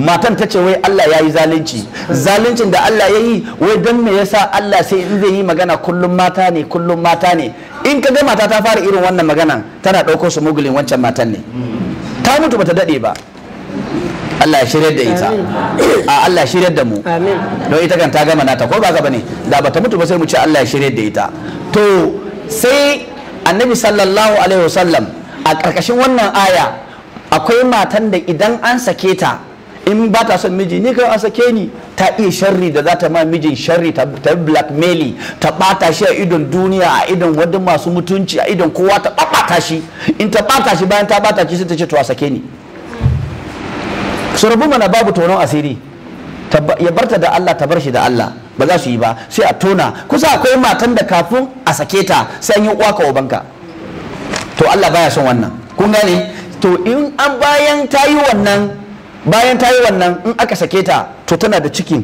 matan ta ce wai Allah ya yi zalunci zaluncin da Allah ya yi wai don me yasa Allah sai in zai yi magana kullum mata ne kullum mata ne in ka ga mata ta fara irin wannan magana tana ɗaukar su mugulin wancan matan ne ta mutu bata daɗe ba Allah ya shirya da ita a Allah ya shirya da mu don ita kan ta gama nata ko ba ne bane da bata mutu ba sai mu ce Allah ya shirya da ita to sai annabi sallallahu alaihi wasallam a karkashin wannan aya akwai matan da idan an sake ta in ba ta son miji ni kai an sake ni ta iya sharri da za ta ma mijin sharri ta blackmail ta bata shi a idon duniya a idon wadda masu mutunci a idon kowa ta bata shi in ta bata shi bayan ta bata shi sai ta ce to a sake ni su rabu mana babu tonon asiri ya barta da Allah ta bar shi da Allah ba za su yi ba sai a tona kusa akwai matan da kafin a sake ta sai an yi uwa ka ubanka to Allah baya son wannan kun gane to in an bayan ta wannan bayan ta yi wannan in aka sake ta to tana da cikin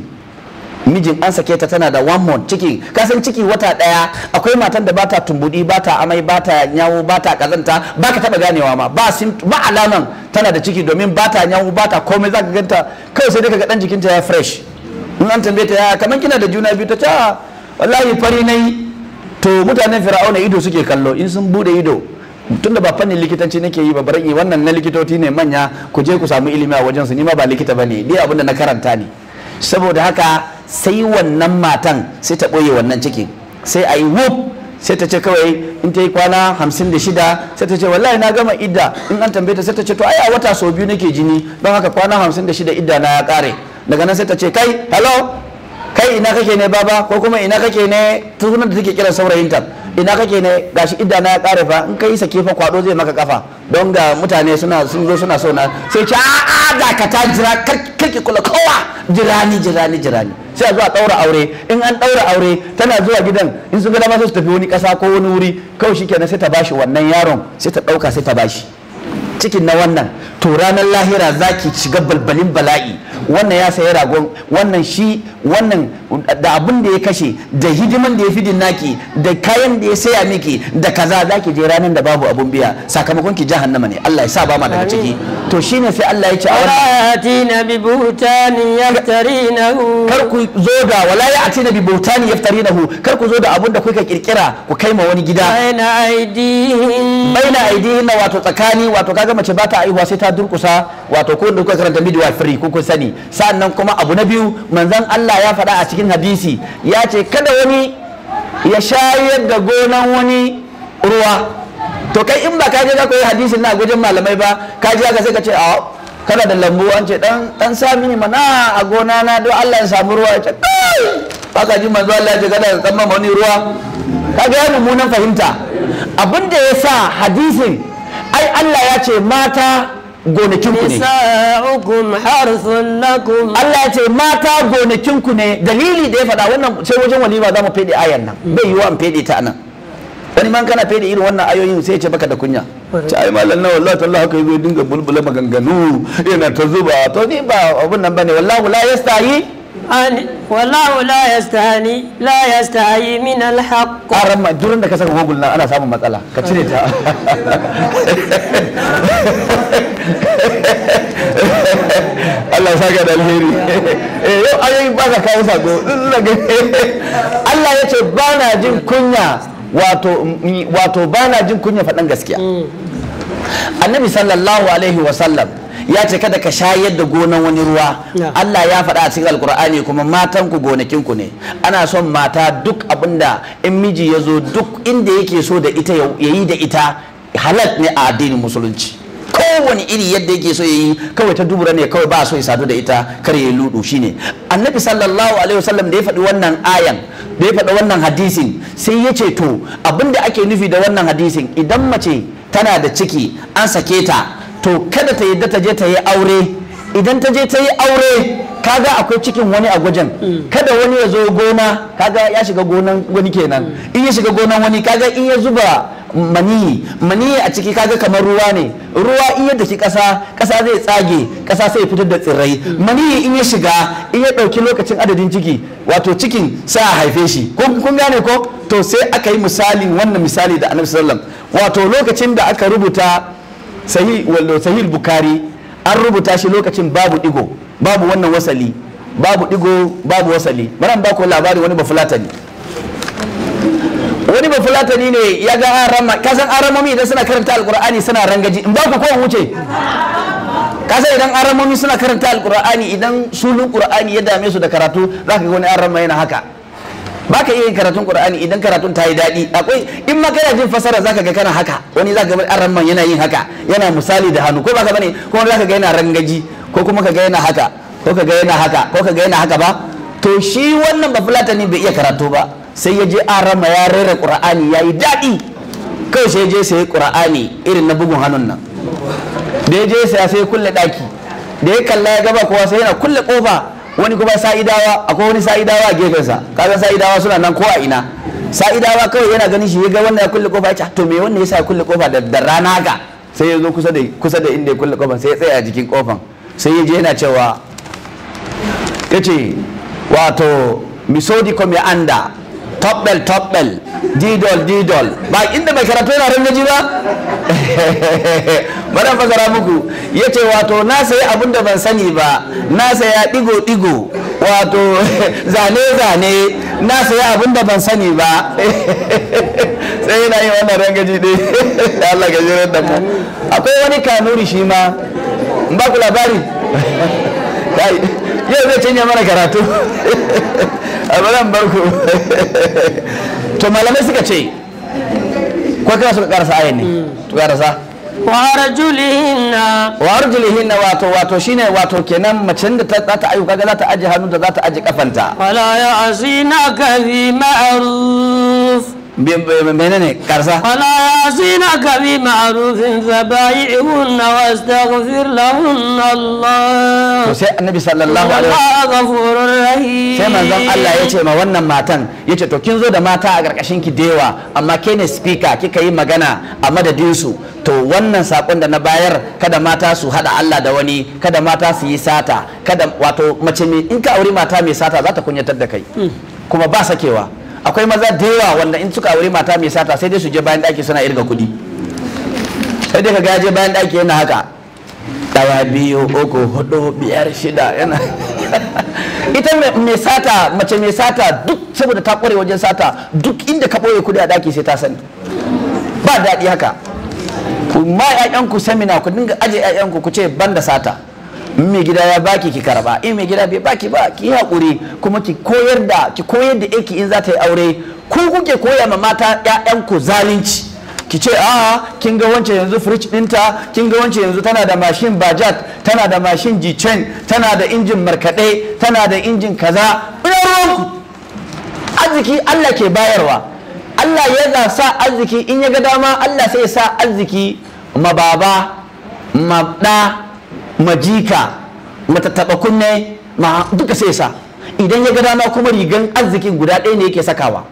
mijin an sake ta tana da one month ciki kasan ciki wata daya akwai matan da bata tumbudi bata amai bata nyawo bata kazanta baka taba ganewa ma ba ba alaman tana da ciki domin bata nyawo bata komai zaka ganta kai sai daga dan jikinta ya fresh in an tambaye ta ya kaman kina da juna biyu ta ta ah, wallahi fari nayi to mutanen fir'auna ido suke kallo in sun bude ido tunda ba fannin likitanci nake yi ba bari wannan na likitoci ne manya ku je ku samu ilimi a wajen su ni ma ba likita bane dai abinda na karanta ne saboda haka sai wannan matan sai ta ɓoye wannan ciki sai a yi wuf sai ta ce kawai in ta yi kwana hamsin sai ta ce wallahi na gama idda in an tambaye ta sai ta ce to ai a wata sau biyu nake jini don haka kwana hamsin idda na ya kare daga nan sai ta ce kai hello kai ina kake ne baba ko kuma ina kake ne tunan da take kiran saurayinta ina kake ne gashi idda na ya kare fa in kai sake fa kwado zai maka kafa don ga mutane suna sun zo suna so na sai ce a da ka ta jira kake kula kowa jirani jirani jirani sai a zuwa ɗaura aure in an ɗaura aure tana zuwa gidan in su ga dama su tafi wani ƙasa ko wani wuri kawai kenan sai ta bashi wannan yaron sai ta ɗauka sai ta bashi cikin na wannan to ranar lahira za ki shiga balbalin bala'i wannan ya sayi ragon wannan shi wannan da abin da ya kashe da hidiman da ya fi naki da kayan da ya saya miki da kaza za ki je ranar da babu abun biya sakamakon ki jahannama ne Allah ya sa ba ma daga ciki to shi ne sai Allah ya ce a wannan bi buhtani yaftarinahu kar ku zo da wala ya atina bi buhtani yaftarinahu kar ku zo da abun da kuka kirkira ku kai ma wani gida baina aidihin baina aidihin wato tsakani wato kaga mace ba ta aihuwa sai ta durkusa wato ko da kuka karanta midwifery ko kun sani sannan kuma abu na biyu manzon Allah ya faɗa a cikin hadisi ya ce kada wani ya shayar da gonan wani ruwa to kai in ba ka je ka hadisin na gujin malamai ba ka je ka sai ka ce a kana da lambu an ce dan dan sami ni mana a gona na don Allah ya samu ruwa ya ce ba ka ji manzo Allah ya ce kada ka wani ruwa ka ga munan fahimta abin da ya sa hadisin ai Allah ya ce mata gonakinku ne Allah ya ce mata gonakinku ne dalili da ya faɗa wannan sai wajen walima za mu fede ayan nan mm. bai yiwu an fede ta nan wani man kana fede irin wannan ayoyin sai ce baka da kunya ce ai malam na wallahi tallahi haka yazo dinga bulbula maganganu yana ta zuba to ni ba abun nan bane wallahu la yastahi wallahu la yastahani la yastahi min alhaq aran durin da ka saka google na ana samun matsala ka cire ta Allah ya saka da alheri eh yau ayoyi ba ka kawo sako Allah ya ce ba na jin kunya wato ba na jin kunya faɗan gaskiya annabi sallallahu alaihi wa sallam ya ce kada ka shayar da gonan wani ruwa Allah ya faɗa a cikin alkur'ani kuma matanku ku ne ana son mata duk abinda in miji ya zo duk inda yake so da ita ya yi da ita halal ne a addinin musulunci kowane iri yadda yake so ya yi kawai ta dubura ne kawai ba so ya sadu da ita kar ya ludo shine annabi sallallahu alaihi wasallam da ya faɗi wannan ayan da ya faɗi wannan hadisin sai ya ce to abinda ake nufi da wannan hadisin idan mace tana da ciki an sake ta to kada ta yadda ta je ta yi aure idan ta je ta yi aure kaga akwai cikin wani a gwajin kada wani ya zo gona kaga ya shiga gonan wani kenan in ya shiga gonan wani kaga in ya zuba maniyi maniyi a ciki kaga kamar ruwa ne ruwa in ya daki kasa kasa zai tsage kasa sai ya fitar da tsirrai maniyi in ya shiga in ya dauki lokacin adadin ciki wato cikin sai a haife shi kun gane ko to sai aka yi misali wannan misali da annabi sallallahu wato lokacin da aka rubuta sahih bukari an rubuta shi lokacin babu digo babu wannan wasali babu digo babu wasali mara ba ku labari wani bafulatani wani bafulatani ne ya ga arama kasan aramomi idan suna karanta alkur'ani suna rangaji in ba ku kowa wuce kasan idan aramomi suna karanta alkur'ani idan sunan qur'ani ya dame su da karatu zaka ga wani arama yana haka ba ka iya karatun qur'ani idan karatun ta yi daɗi akwai in ma kana jin fasara zaka ga kana haka wani zaka ga ramman yana yin haka yana misali da hannu ko ba ka bane ko wani zaka ga yana rangaji ko kuma ka ga yana haka ko ka ga yana haka ko ka ga yana haka ba to shi wannan ba fulata ne bai iya karatu ba sai ya je ramma ya rera qur'ani yi daɗi kawai sai ya je sai qur'ani irin na bugun hannun nan da ya je sai sai kulle daki da ya kalla ya gaba kowa sai yana kulle kofa wani kuma sa'idawa akwai wani sa'idawa a gefensa kaga sa'idawa suna nan ko a ina sa'idawa kawai yana ganin shi ya ga wanda ya kulle kofa ya ah, to me wannan yasa ya kulle kofa da rana ga sai ya zo kusa da kusa da inda ya kulle kofa sai ya tsaya a jikin kofan sai ya je yana cewa yace wato misodi kom ya anda tobbel tobbel didol didol ba inda mai karatu yana rangaji ba bari fasara muku ya ce wato na sai abin da ban sani ba na saya digo digo wato zane zane na sai abin da ban sani ba sai yana yi wannan rangaji ne da Allah ga jirar da mu akwai wani kanuri shi ma ba ku labari yau zai canja mana karatu a abadan barku to malamai suka ce ko kana suka karasa ayin ne to karasa warjulihinna warjulihinna wato wato shine wato kenan macen da ta ta ayyuka ga za ta aje hannu da za ta aje kafanta wala ya asina kadhi ma'ruf menene karsa wala yasina ka bi ma'rufin fabai'un wa astaghfir lahun Allah to sai annabi sallallahu alaihi wa wasallam ghafurur rahim sai manzon Allah ya ce ma wannan matan ya ce to kin zo da mata a karkashin ki dewa amma ke ne speaker kika yi magana a madadin su to wannan sakon da na bayar kada mata su hada Allah da wani kada mata su yi sata kada wato mace mai in ka auri mata mai sata za ta kunyatar da kai hmm. kuma ba sakewa akwai maza da yawa wanda in suka aure mata mai sata sai dai su je bayan daki suna irga kuɗi sai dai ka ga je bayan daki yana haka dawa biyu uku hudu biyar shida yana ita mai sata mace mai sata duk saboda ta kware wajen sata duk inda ka boye kuɗi a daki sai ta sani ba daɗi haka ku ma 'ya'yanku samina ku dinga aje 'ya'yanku ku ce ban da sata mai gida ya baki ki karba in mai gida bai baki ba ki hakuri kuma ki koyar da ki koyar da yake in za ta yi aure ku kuke koya ma mata ƴaƴan ku zalunci ki ce a kin ga wance yanzu fridge dinta, kin ga wance yanzu tana da mashin bajat tana da mashin jicen tana da injin markaɗe tana da injin kaza ina arziki Allah ke bayarwa Allah ya sa arziki in ya ga dama Allah sai ya sa arziki ma baba ma ɗa majika matattaɓa kunne ma duka sai sa idan ya ga dama kuma rigan arzikin guda ɗaya ne yake sakawa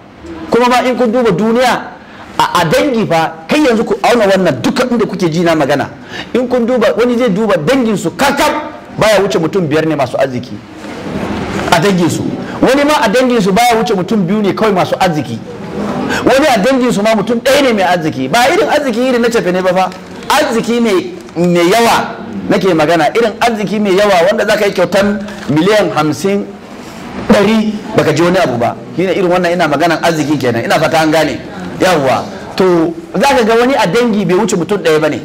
kuma ma in kun duba duniya a dangi fa kai yanzu ku auna wannan duka inda kuke ji na magana in kun duba wani zai duba dangin su kakab baya wuce mutum biyar ne masu arziki a dangin su wani ma a dangin su baya wuce mutum biyu ne kawai masu arziki wani a dangin su ma mutum ɗaya ne mai arziki ba irin arziki irin na cefe ne ba fa arziki mai mai yawa nake magana irin arziki mai yawa wanda za ka yi kyautan miliyan hamsin ɗari baka ji wani abu ba shine irin wannan ina maganan arziki kenan ina fata an gane yawwa to za ka ga wani a dangi bai wuce mutum ɗaya ba ne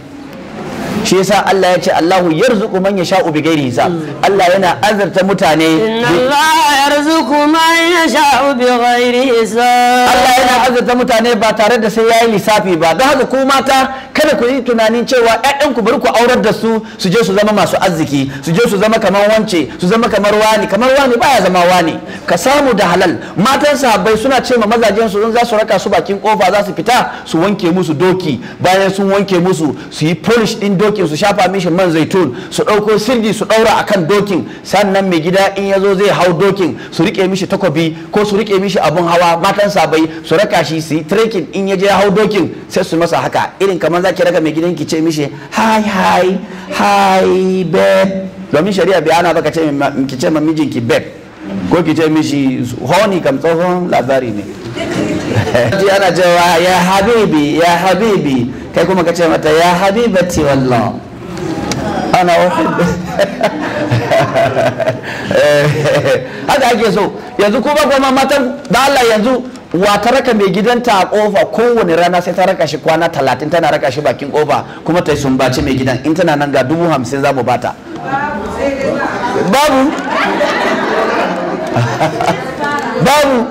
shi yasa Allah ya ce Allahu yarzuqu man sha'u bi ghairi hisab Allah yana azarta mutane Allah yarzuqu man yasha'u bi ghairi hisab Allah yana azarta mutane ba tare da sai yayi lissafi ba don haka ku mata kada ku yi tunanin cewa ƴaƴanku bari ku aurar da su su je su zama masu arziki su je su zama kamar wance su zama kamar wani kamar wani baya zama wani ka samu da halal matan sahabbai suna ce ma mazajen su za su raka su bakin kofa za su fita su wanke musu doki bayan sun wanke musu su yi polish din doki dokin su shafa mishi man zaitun su ɗauko sirji su ɗaura a kan dokin sannan mai gida in ya zo zai hau dokin su riƙe mishi takobi ko su riƙe mishi abun hawa matan sabai su raka shi su yi trekking in ya je ya hau dokin sai su masa haka irin kamar za ki raka mai gidan ki ce mishi hi hi hi babe domin shari'a bai ana baka ce ki ce ma mijinki babe ko ki ce mishi honey kam tsohon lazari ne ji ana cewa ya habibi ya habibi kai kuma ka ce mata ya habibati wallah ana uhibbu haka ake so yanzu kuma kuma matan da Allah yanzu wa ta raka mai gidanta a kofa kowane rana sai ta raka shi kwana talatin tana raka shi bakin kofa kuma ta yi sumbaci mai gidan in tana nan ga dubu hamsin za mu bata babu babu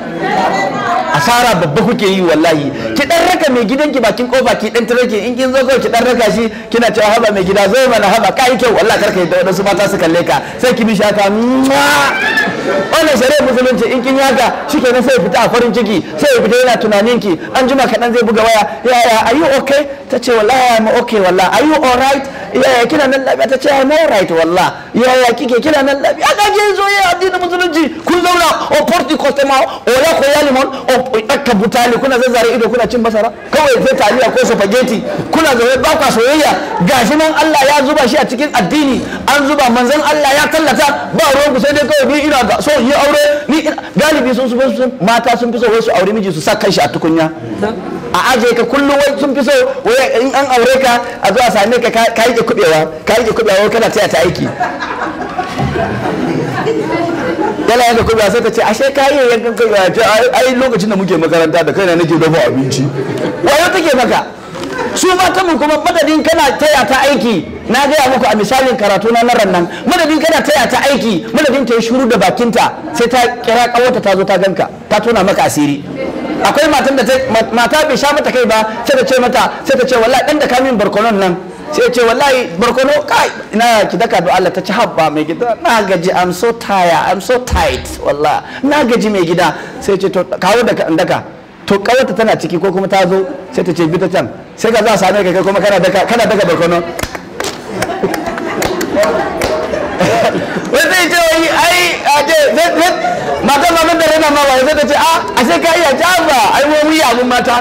asara babba kuke yi wallahi ki dan raka mai gidanki bakin kofa ki dan tarake in kin zo ki dan raka shi kina cewa haba mai gida zo mana haba kai kyau wallahi karka yadda wadansu mata su kalle ka sai ki bi shaka wannan shari'ar musulunci in kin yaka shike na sai fita a farin ciki sai ya fita yana tunanin ki an jima kaɗan zai buga waya yaya are you okay ta ce wallahi I'm okay wallahi are you alright yaya kina nan lafiya ta ce I'm alright wallahi yaya kike kina nan lafiya ka ke zo yaya addinin musulunci kun zauna o porti ma o la ko ya limon o ɗakka butali kuna zazzare ido kuna cin masara kawai zai taliya ko spaghetti kuna zaune ba kwa soyayya gashi nan Allah ya zuba shi a cikin addini an zuba manzon Allah ya tallata ba ruwan ku sai dai kawai bi ina ga so yi aure ni galibi sun sun mata sun fi so wai su aure miji su sa kanshi a tukunya a aje ka kullum wai sun fi so wai in an aure ka a zuwa same ka ka yi kudewa ka yi kubewa kana taya ta aiki yana yanka kudewa sai ta ce ashe ka yi yankan kubewa ai lokacin da muke makaranta da kaina nake dafa abinci wai take maka su mata mu kuma madadin kana taya ta aiki na gaya muku a misalin karatu na nan nan madadin kana taya ta aiki madadin ta yi shuru da bakinta sai ta kira kawarta ta zo ta ganka ta tona maka asiri akwai matan da mata bai sha mata kai ba sai ta ce mata sai ta ce wallahi dan da kamin barkonon nan sai ce wallahi barkono kai ina ki daka do Allah ta ci habba mai gida na gaji i'm so tired i'm so tight wallahi na gaji mai gida sai ce to kawo da daka to kawarta tana ciki ko kuma ta zo sai ta ce bi ta can sai ka za a same ka kai kuma kana daga kana daga barkono wai zai ce wai ai a ce matan mamin da rana ma wai zai ta ce a ah, a sai ka iya jaba ai wai wuya mun mata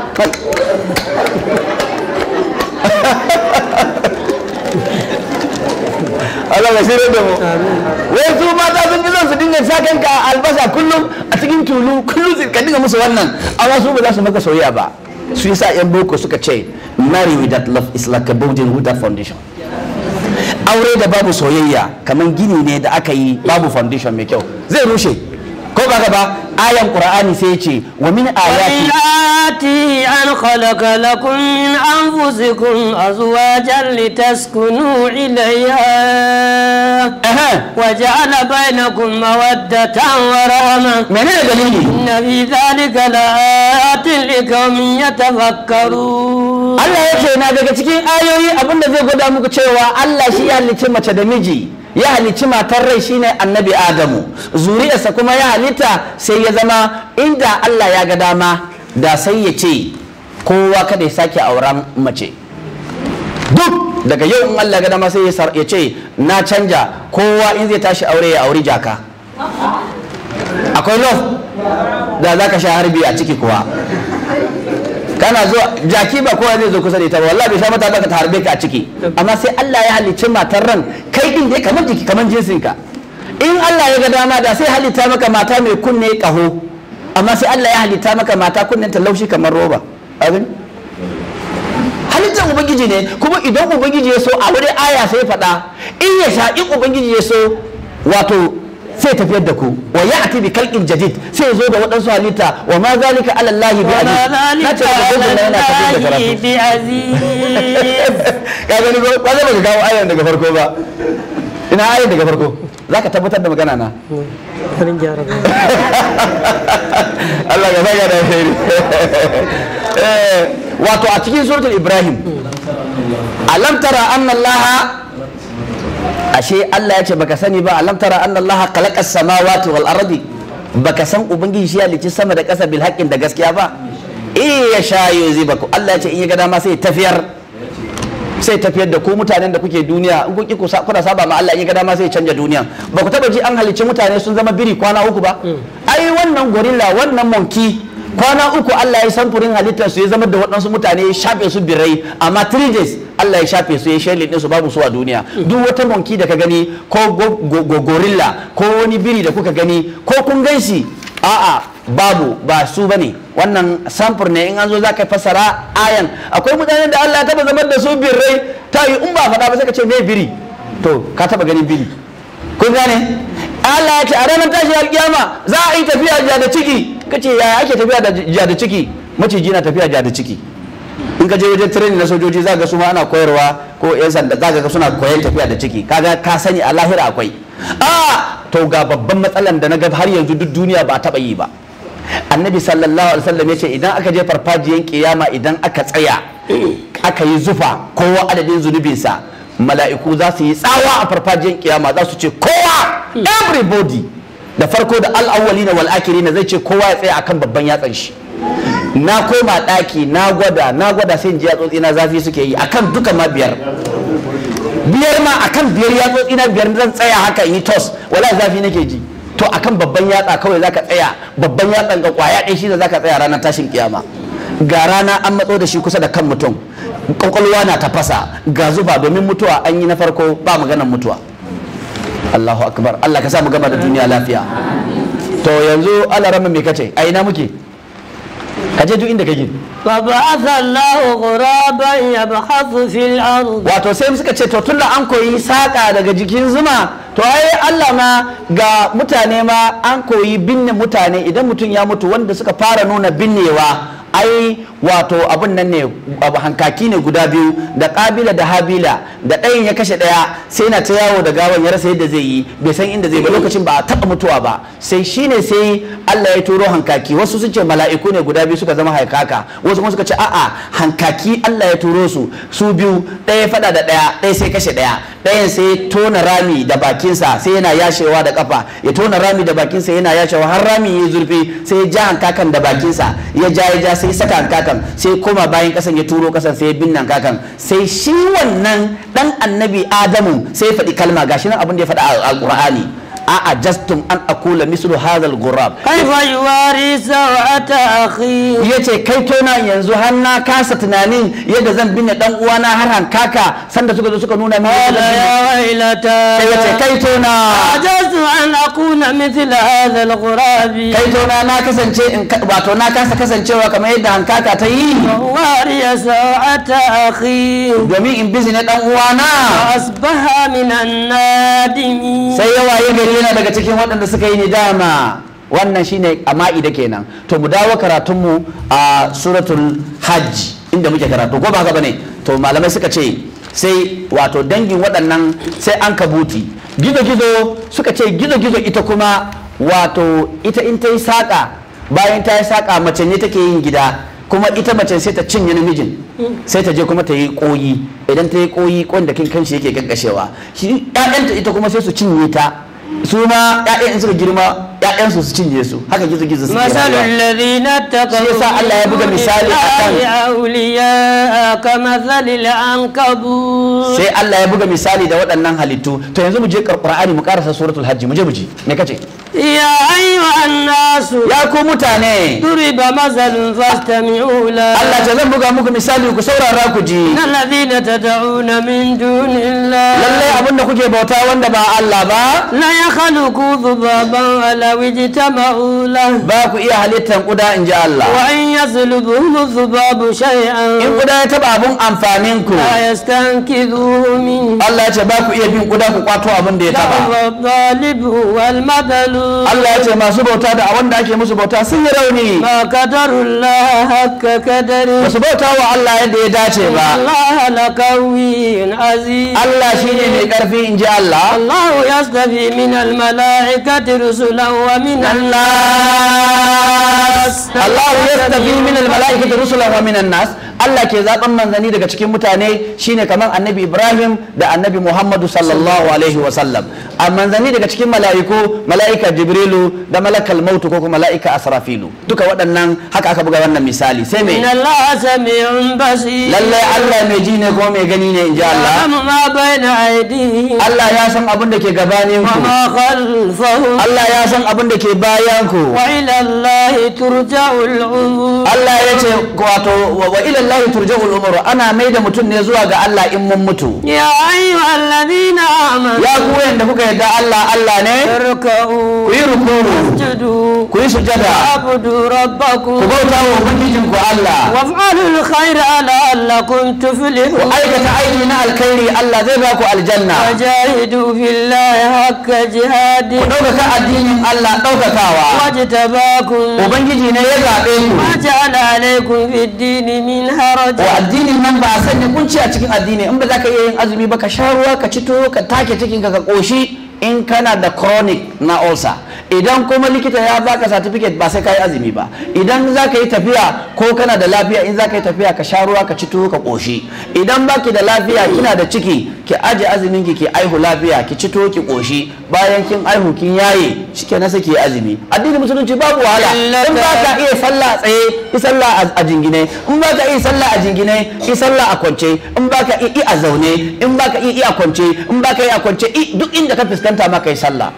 Allah ya shirya da mu wai su mata sun fi son su dinga sakan ka albasa kullum a cikin tulu kullum ka dinga musu wannan amma su ba za su maka soyayya ba su yasa yan boko suka ce marry with that love is like a building with that foundation aure da babu soyayya kamar gini ne da aka yi babu foundation mai kyau zai rushe ko ba ba? ayan qur'ani sai ce wa min ayati an khalaqa lakum min anfusikum azwajan litaskunu ilayha وجعل بينكم مودة Allah ya ce na daga cikin ayoyi abin da zai gwada muku cewa Allah shi ya halicci mace da miji ya halicci matar rai shine annabi Adamu zuriyarsa kuma ya halitta sai ya zama inda Allah ya ga dama da sai ya ce kowa kada ya sake auren mace duk daga yau in Allah ga dama sai ya ce na canja kowa in zai tashi aure ya auri jaka akwai lof da za ka sha harbi a ciki kuwa kana zo jaki ba kowa zai zo kusa da ita ba wallahi bai sha mata baka ta harbe ka a ciki amma sai Allah ya halicci matar ran kai din dai kamar jiki kamar jinsin ka in Allah ya ga dama da sai halitta maka mata mai kunne kaho amma sai Allah ya halitta maka mata kunnen ta laushi kamar roba azumi halittar ubangiji ne kuma idan ubangiji ya so a wani aya sai faɗa in ya sha in ubangiji ya so wato sai tafiyar da ku wa ya ati bi kalkin jadid sai zo da waɗansu halitta wa ma zalika ala allahi bi aziz na na ka gani ba zai baka kawo ayan daga farko ba ina ayi daga farko za ka tabbatar da magana na Allah ga saka da shairi eh, wato a cikin suratul ibrahim alam tara anna allah ashe Allah ya ce baka sani ba alam tara anna allah khalaqa samawati wal ardi baka san ubangiji shi halicci sama da kasa bil haqqin da gaskiya ba eh ya sha yuzibaku Allah ya ce in ya ga dama sai tafiyar sai tafiyar da ku mutanen da kuke duniya in kun ku kuna saba ma Allah in ga dama sai canja duniya ba ku taba ji an halicci mutane sun zama biri kwana uku ba mm. ai wannan gorilla wannan monki kwana uku Allah ya samfurin halittar su ya zama da waɗansu mutane ya shafe su birai amma 3 days Allah ya shafe su ya shirle din su babu su a duniya mm. duk wata monki da ka gani ko gorilla ko wani biri da kuka gani ko kun ganshi a'a babu ba su bane wannan samfur ne in an zo za ka fasara ayan akwai mutane da Allah taɓa zama da su birrai ta yi in ba faɗa ba sai ka ce me biri to ka taba ganin biri kun gane Allah ya ce a ranar tashi alkiyama za a yi tafiya jiya da ciki ka ce yaya ake tafiya da jiya da ciki maciji na tafiya jiya da ciki in ka je wajen training na sojoji za ga su ma ana koyarwa ko yan sanda za ga suna koyan tafiya da ciki kaga ka sani a lahira akwai a to ga babban matsalan da na ga har yanzu duk duniya ba taba yi ba annabi sallallahu alaihi wasallam yace idan aka je farfajiyan kiyama idan aka tsaya eh. aka yi zufa kowa adadin zunubinsa mala'iku za su yi tsawa a farfajiyan kiyama za su ce kowa everybody da farko da al-awwalina wal akirina zai ce kowa ya tsaya akan babban yatsan shi na koma daki na gwada na gwada sai in ji yatsotsi na zafi suke yi akan duka ma biyar biyar ma akan biyar yatsotsi na biyar zan tsaya haka in yi tos wala zafi nake ji to akan babban yatsa kawai zaka tsaya babban yatsan ga kwaya ɗaya za zaka tsaya ranar tashin kiyama ga rana an matso da shi kusa da kan mutum kwakwalwa na tafasa ga zuba domin mutuwa an yi na farko ba maganar mutuwa Allahu akbar Allah ka sa mu gama da duniya lafiya to yanzu Allah rama me kace a ina muke kaje duk inda kake fa ba'atha Allahu ghuraban fil ard wato sai suka ce to tunda an koyi saka daga jikin zuma to ai Allah ma ga mutane ma an koyi binne mutane idan mutum ya mutu wanda suka fara nuna binnewa ai wato abun nan ne abu hankaki ne guda biyu da kabila da habila da ɗayan ya kashe ɗaya sai na ta yawo da gawan ya rasa yadda zai yi bai san inda zai ba lokacin ba a taɓa mutuwa ba sai shine sai Allah ya turo hankaki wasu sun ce mala'iku ne guda biyu suka zama haikaka wasu kuma suka ce a'a hankaki Allah ya turo su su biyu ɗaya faɗa da ɗaya ɗaya sai kashe ɗaya ɗayan sai tona rami da bakinsa sai yana yashewa da kafa ya tona rami da bakinsa yana yashewa har rami ya zurfi sai ya ja hankakan da bakinsa ya ja ya ja sai saka hankakan kakan sai koma bayan kasan ya turo kasan sai binnan kakan sai shi wannan dan annabi adamu sai ya faɗi kalma gashi nan abin da ya faɗa a alƙur'ani a ajastum an akula mislu hadha al-ghurab kaifa yuwari sawata akhi yace kai to na yanzu har na kasa tunanin yadda zan binne dan na har hankaka sanda suka zo suka nuna min wala ya wailata sai yace kai to na ajastu an akuna mithla hadha al-ghurab kai to na na kasance in wato na kasa kasancewa kamar yadda hankaka ta yi yuwari sawata akhi domin in bizine dan uwana asbaha min an-nadimi sai yawa ya gari yana daga cikin waɗanda suka yi dama wannan shine da kenan to mu dawo karatunmu a suratul hajj inda muke karatu ko ba haka bane to malamai suka ce sai wato dangin waɗannan sai an kabuti gizo-gizo suka ce gizo-gizo ita kuma wato ita in ta yi saƙa bayan ta yi saƙa mace ne take yin gida kuma ita mace sai ta cinye namijin sai ta je kuma ta yi koyi idan ta yi koyi kwan da kin kanshi yake gaggashewa shi ita kuma sai su cinye ta su ma ƴaƴan in suka girma ya'yan su su cinye su haka gizo gizo su masalul ladina taqaw shi yasa Allah ya buga misali akan awliya sai Allah ya buga misali da waɗannan halittu to yanzu mu je Qur'ani mu karasa suratul hajji mu je mu je me kace Ya ayyuha an ya ku mutane duriba mazalun fastami'u la Allah ta zan buga muku misali ku saurara ku ji alladhina tad'una min dunillahi lalle abinda kuke bauta wanda ba Allah ba la yakhluqu dhubaban ala wijtama'u la ba ku iya halittar kuda in Allah wa in yazlubu dhubabu shay'an in kuda ya taba abun amfanin ku la yastankizuhu min Allah ce ba ku iya bin kuda ku kwato abin da ya taba dhalibu wal madal Allah ya ce masu bauta da a da ake musu bauta sun yi rauni ma qadarullah hakka qadari ba su bauta wa Allah yadda ya dace ba Allah la qawiyyun aziz Allah shine mai karfi in ji Allah Allah yastafi min al malaikati rusulan wa min al Allah ya yastafi min al malaikati rusulan wa min an Allah ke zaben manzani daga cikin mutane shine kamar annabi Ibrahim da annabi Muhammadu sallallahu alaihi wa sallam a manzani daga cikin mala'iku mala'ika Jibrilu da malakal maut ko kuma mala'ika Asrafilu duka waɗannan haka aka buga wannan misali sai me lallai Allah mai ji ne ko mai gani ne inji Allah Allah ya san abin da ke gabanin ku Allah ya san abin da ke bayan ku Allah ya ce wato wa ila lillahi turja'ul umur ana mai da mutum ne zuwa ga Allah in mun mutu ya alladhina amanu ya ku wanda kuka yadda Allah Allah ne ku yi ruku'u ku yi sujada abudu rabbakum ku bauta wa ubangijin ku Allah wa fa'alul khaira la'allakum tuflihun ku aikata aiki na alkhairi Allah zai ba ku aljanna wajahidu fillahi hakka jihadi ku dauka addinin Allah daukakawa wajtabakum ubangiji ne ya zabe ku ma ja'ala alaykum fid dini min haraja wa addinin nan ba a sanya kunci a cikin addini in ba za ka iya yin azumi ba ka sha ruwa ka ci tuwo ka take cikin ka ka koshi in kana da chronic na ulcer idan kuma likita ya baka certificate ba sai ka yi azumi ba idan za ka yi tafiya ko kana da lafiya in za ka yi tafiya ka sha ruwa ka ci tuwo ka ƙoshi idan baki da lafiya kina da ciki ki aje azumin ki ki aihu lafiya ki ci tuwo ki ƙoshi bayan kin aihu kin yaye shike na sake azumi addinin musulunci babu wahala in ba ka iya sallah tsaye ki sallah a jingine in ba ka iya sallah a jingine ki sallah a kwance in ba ka iya a zaune in ba ka iya a kwance in ba ka iya a kwance duk inda ka fuskanta kaskanta maka yi sallah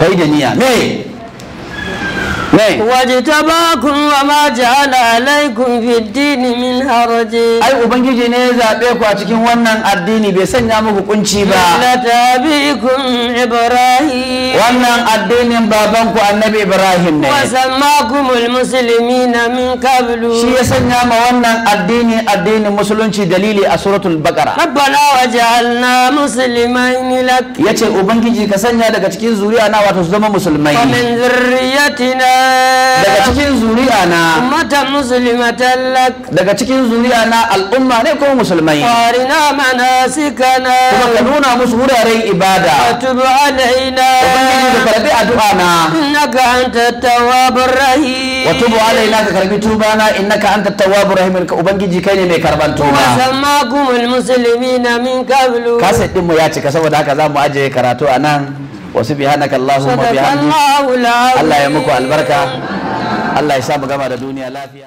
kai da niyya me wajtabakum wa ma ja'ala alaikum fid din min haraji ai ubangiji ne ya zabe ku a cikin wannan addini bai sanya muku kunci ba kun ibrahim wannan addinin babanku annabi ibrahim ne wasammakumul muslimina min qablu shi ya sanya ma wannan addini addinin musulunci dalili a suratul baqara rabbana waj'alna muslimain lak yace ubangiji ka sanya daga cikin zuriya na wato su zama musulmai wa min daga cikin zuri'a na mata muslimatan lak daga cikin zuri'a na al'umma ne ko musulmai qarina manasikana kuma ka nuna musu wuraren ibada atub alaina ubangiji ka karbi addu'a na innaka anta tawwabur rahim alaina ka karbi tuba na innaka anta tawwabur rahim ka ubangiji kai ne mai karban tuba sammakumul muslimina min qablu kaset ɗin mu ya cika saboda haka za mu ajiye karatu anan. wasu bihanaka Allahumma hannu Allah ya muku albarka Allah ya sa mu gama da duniya lafiya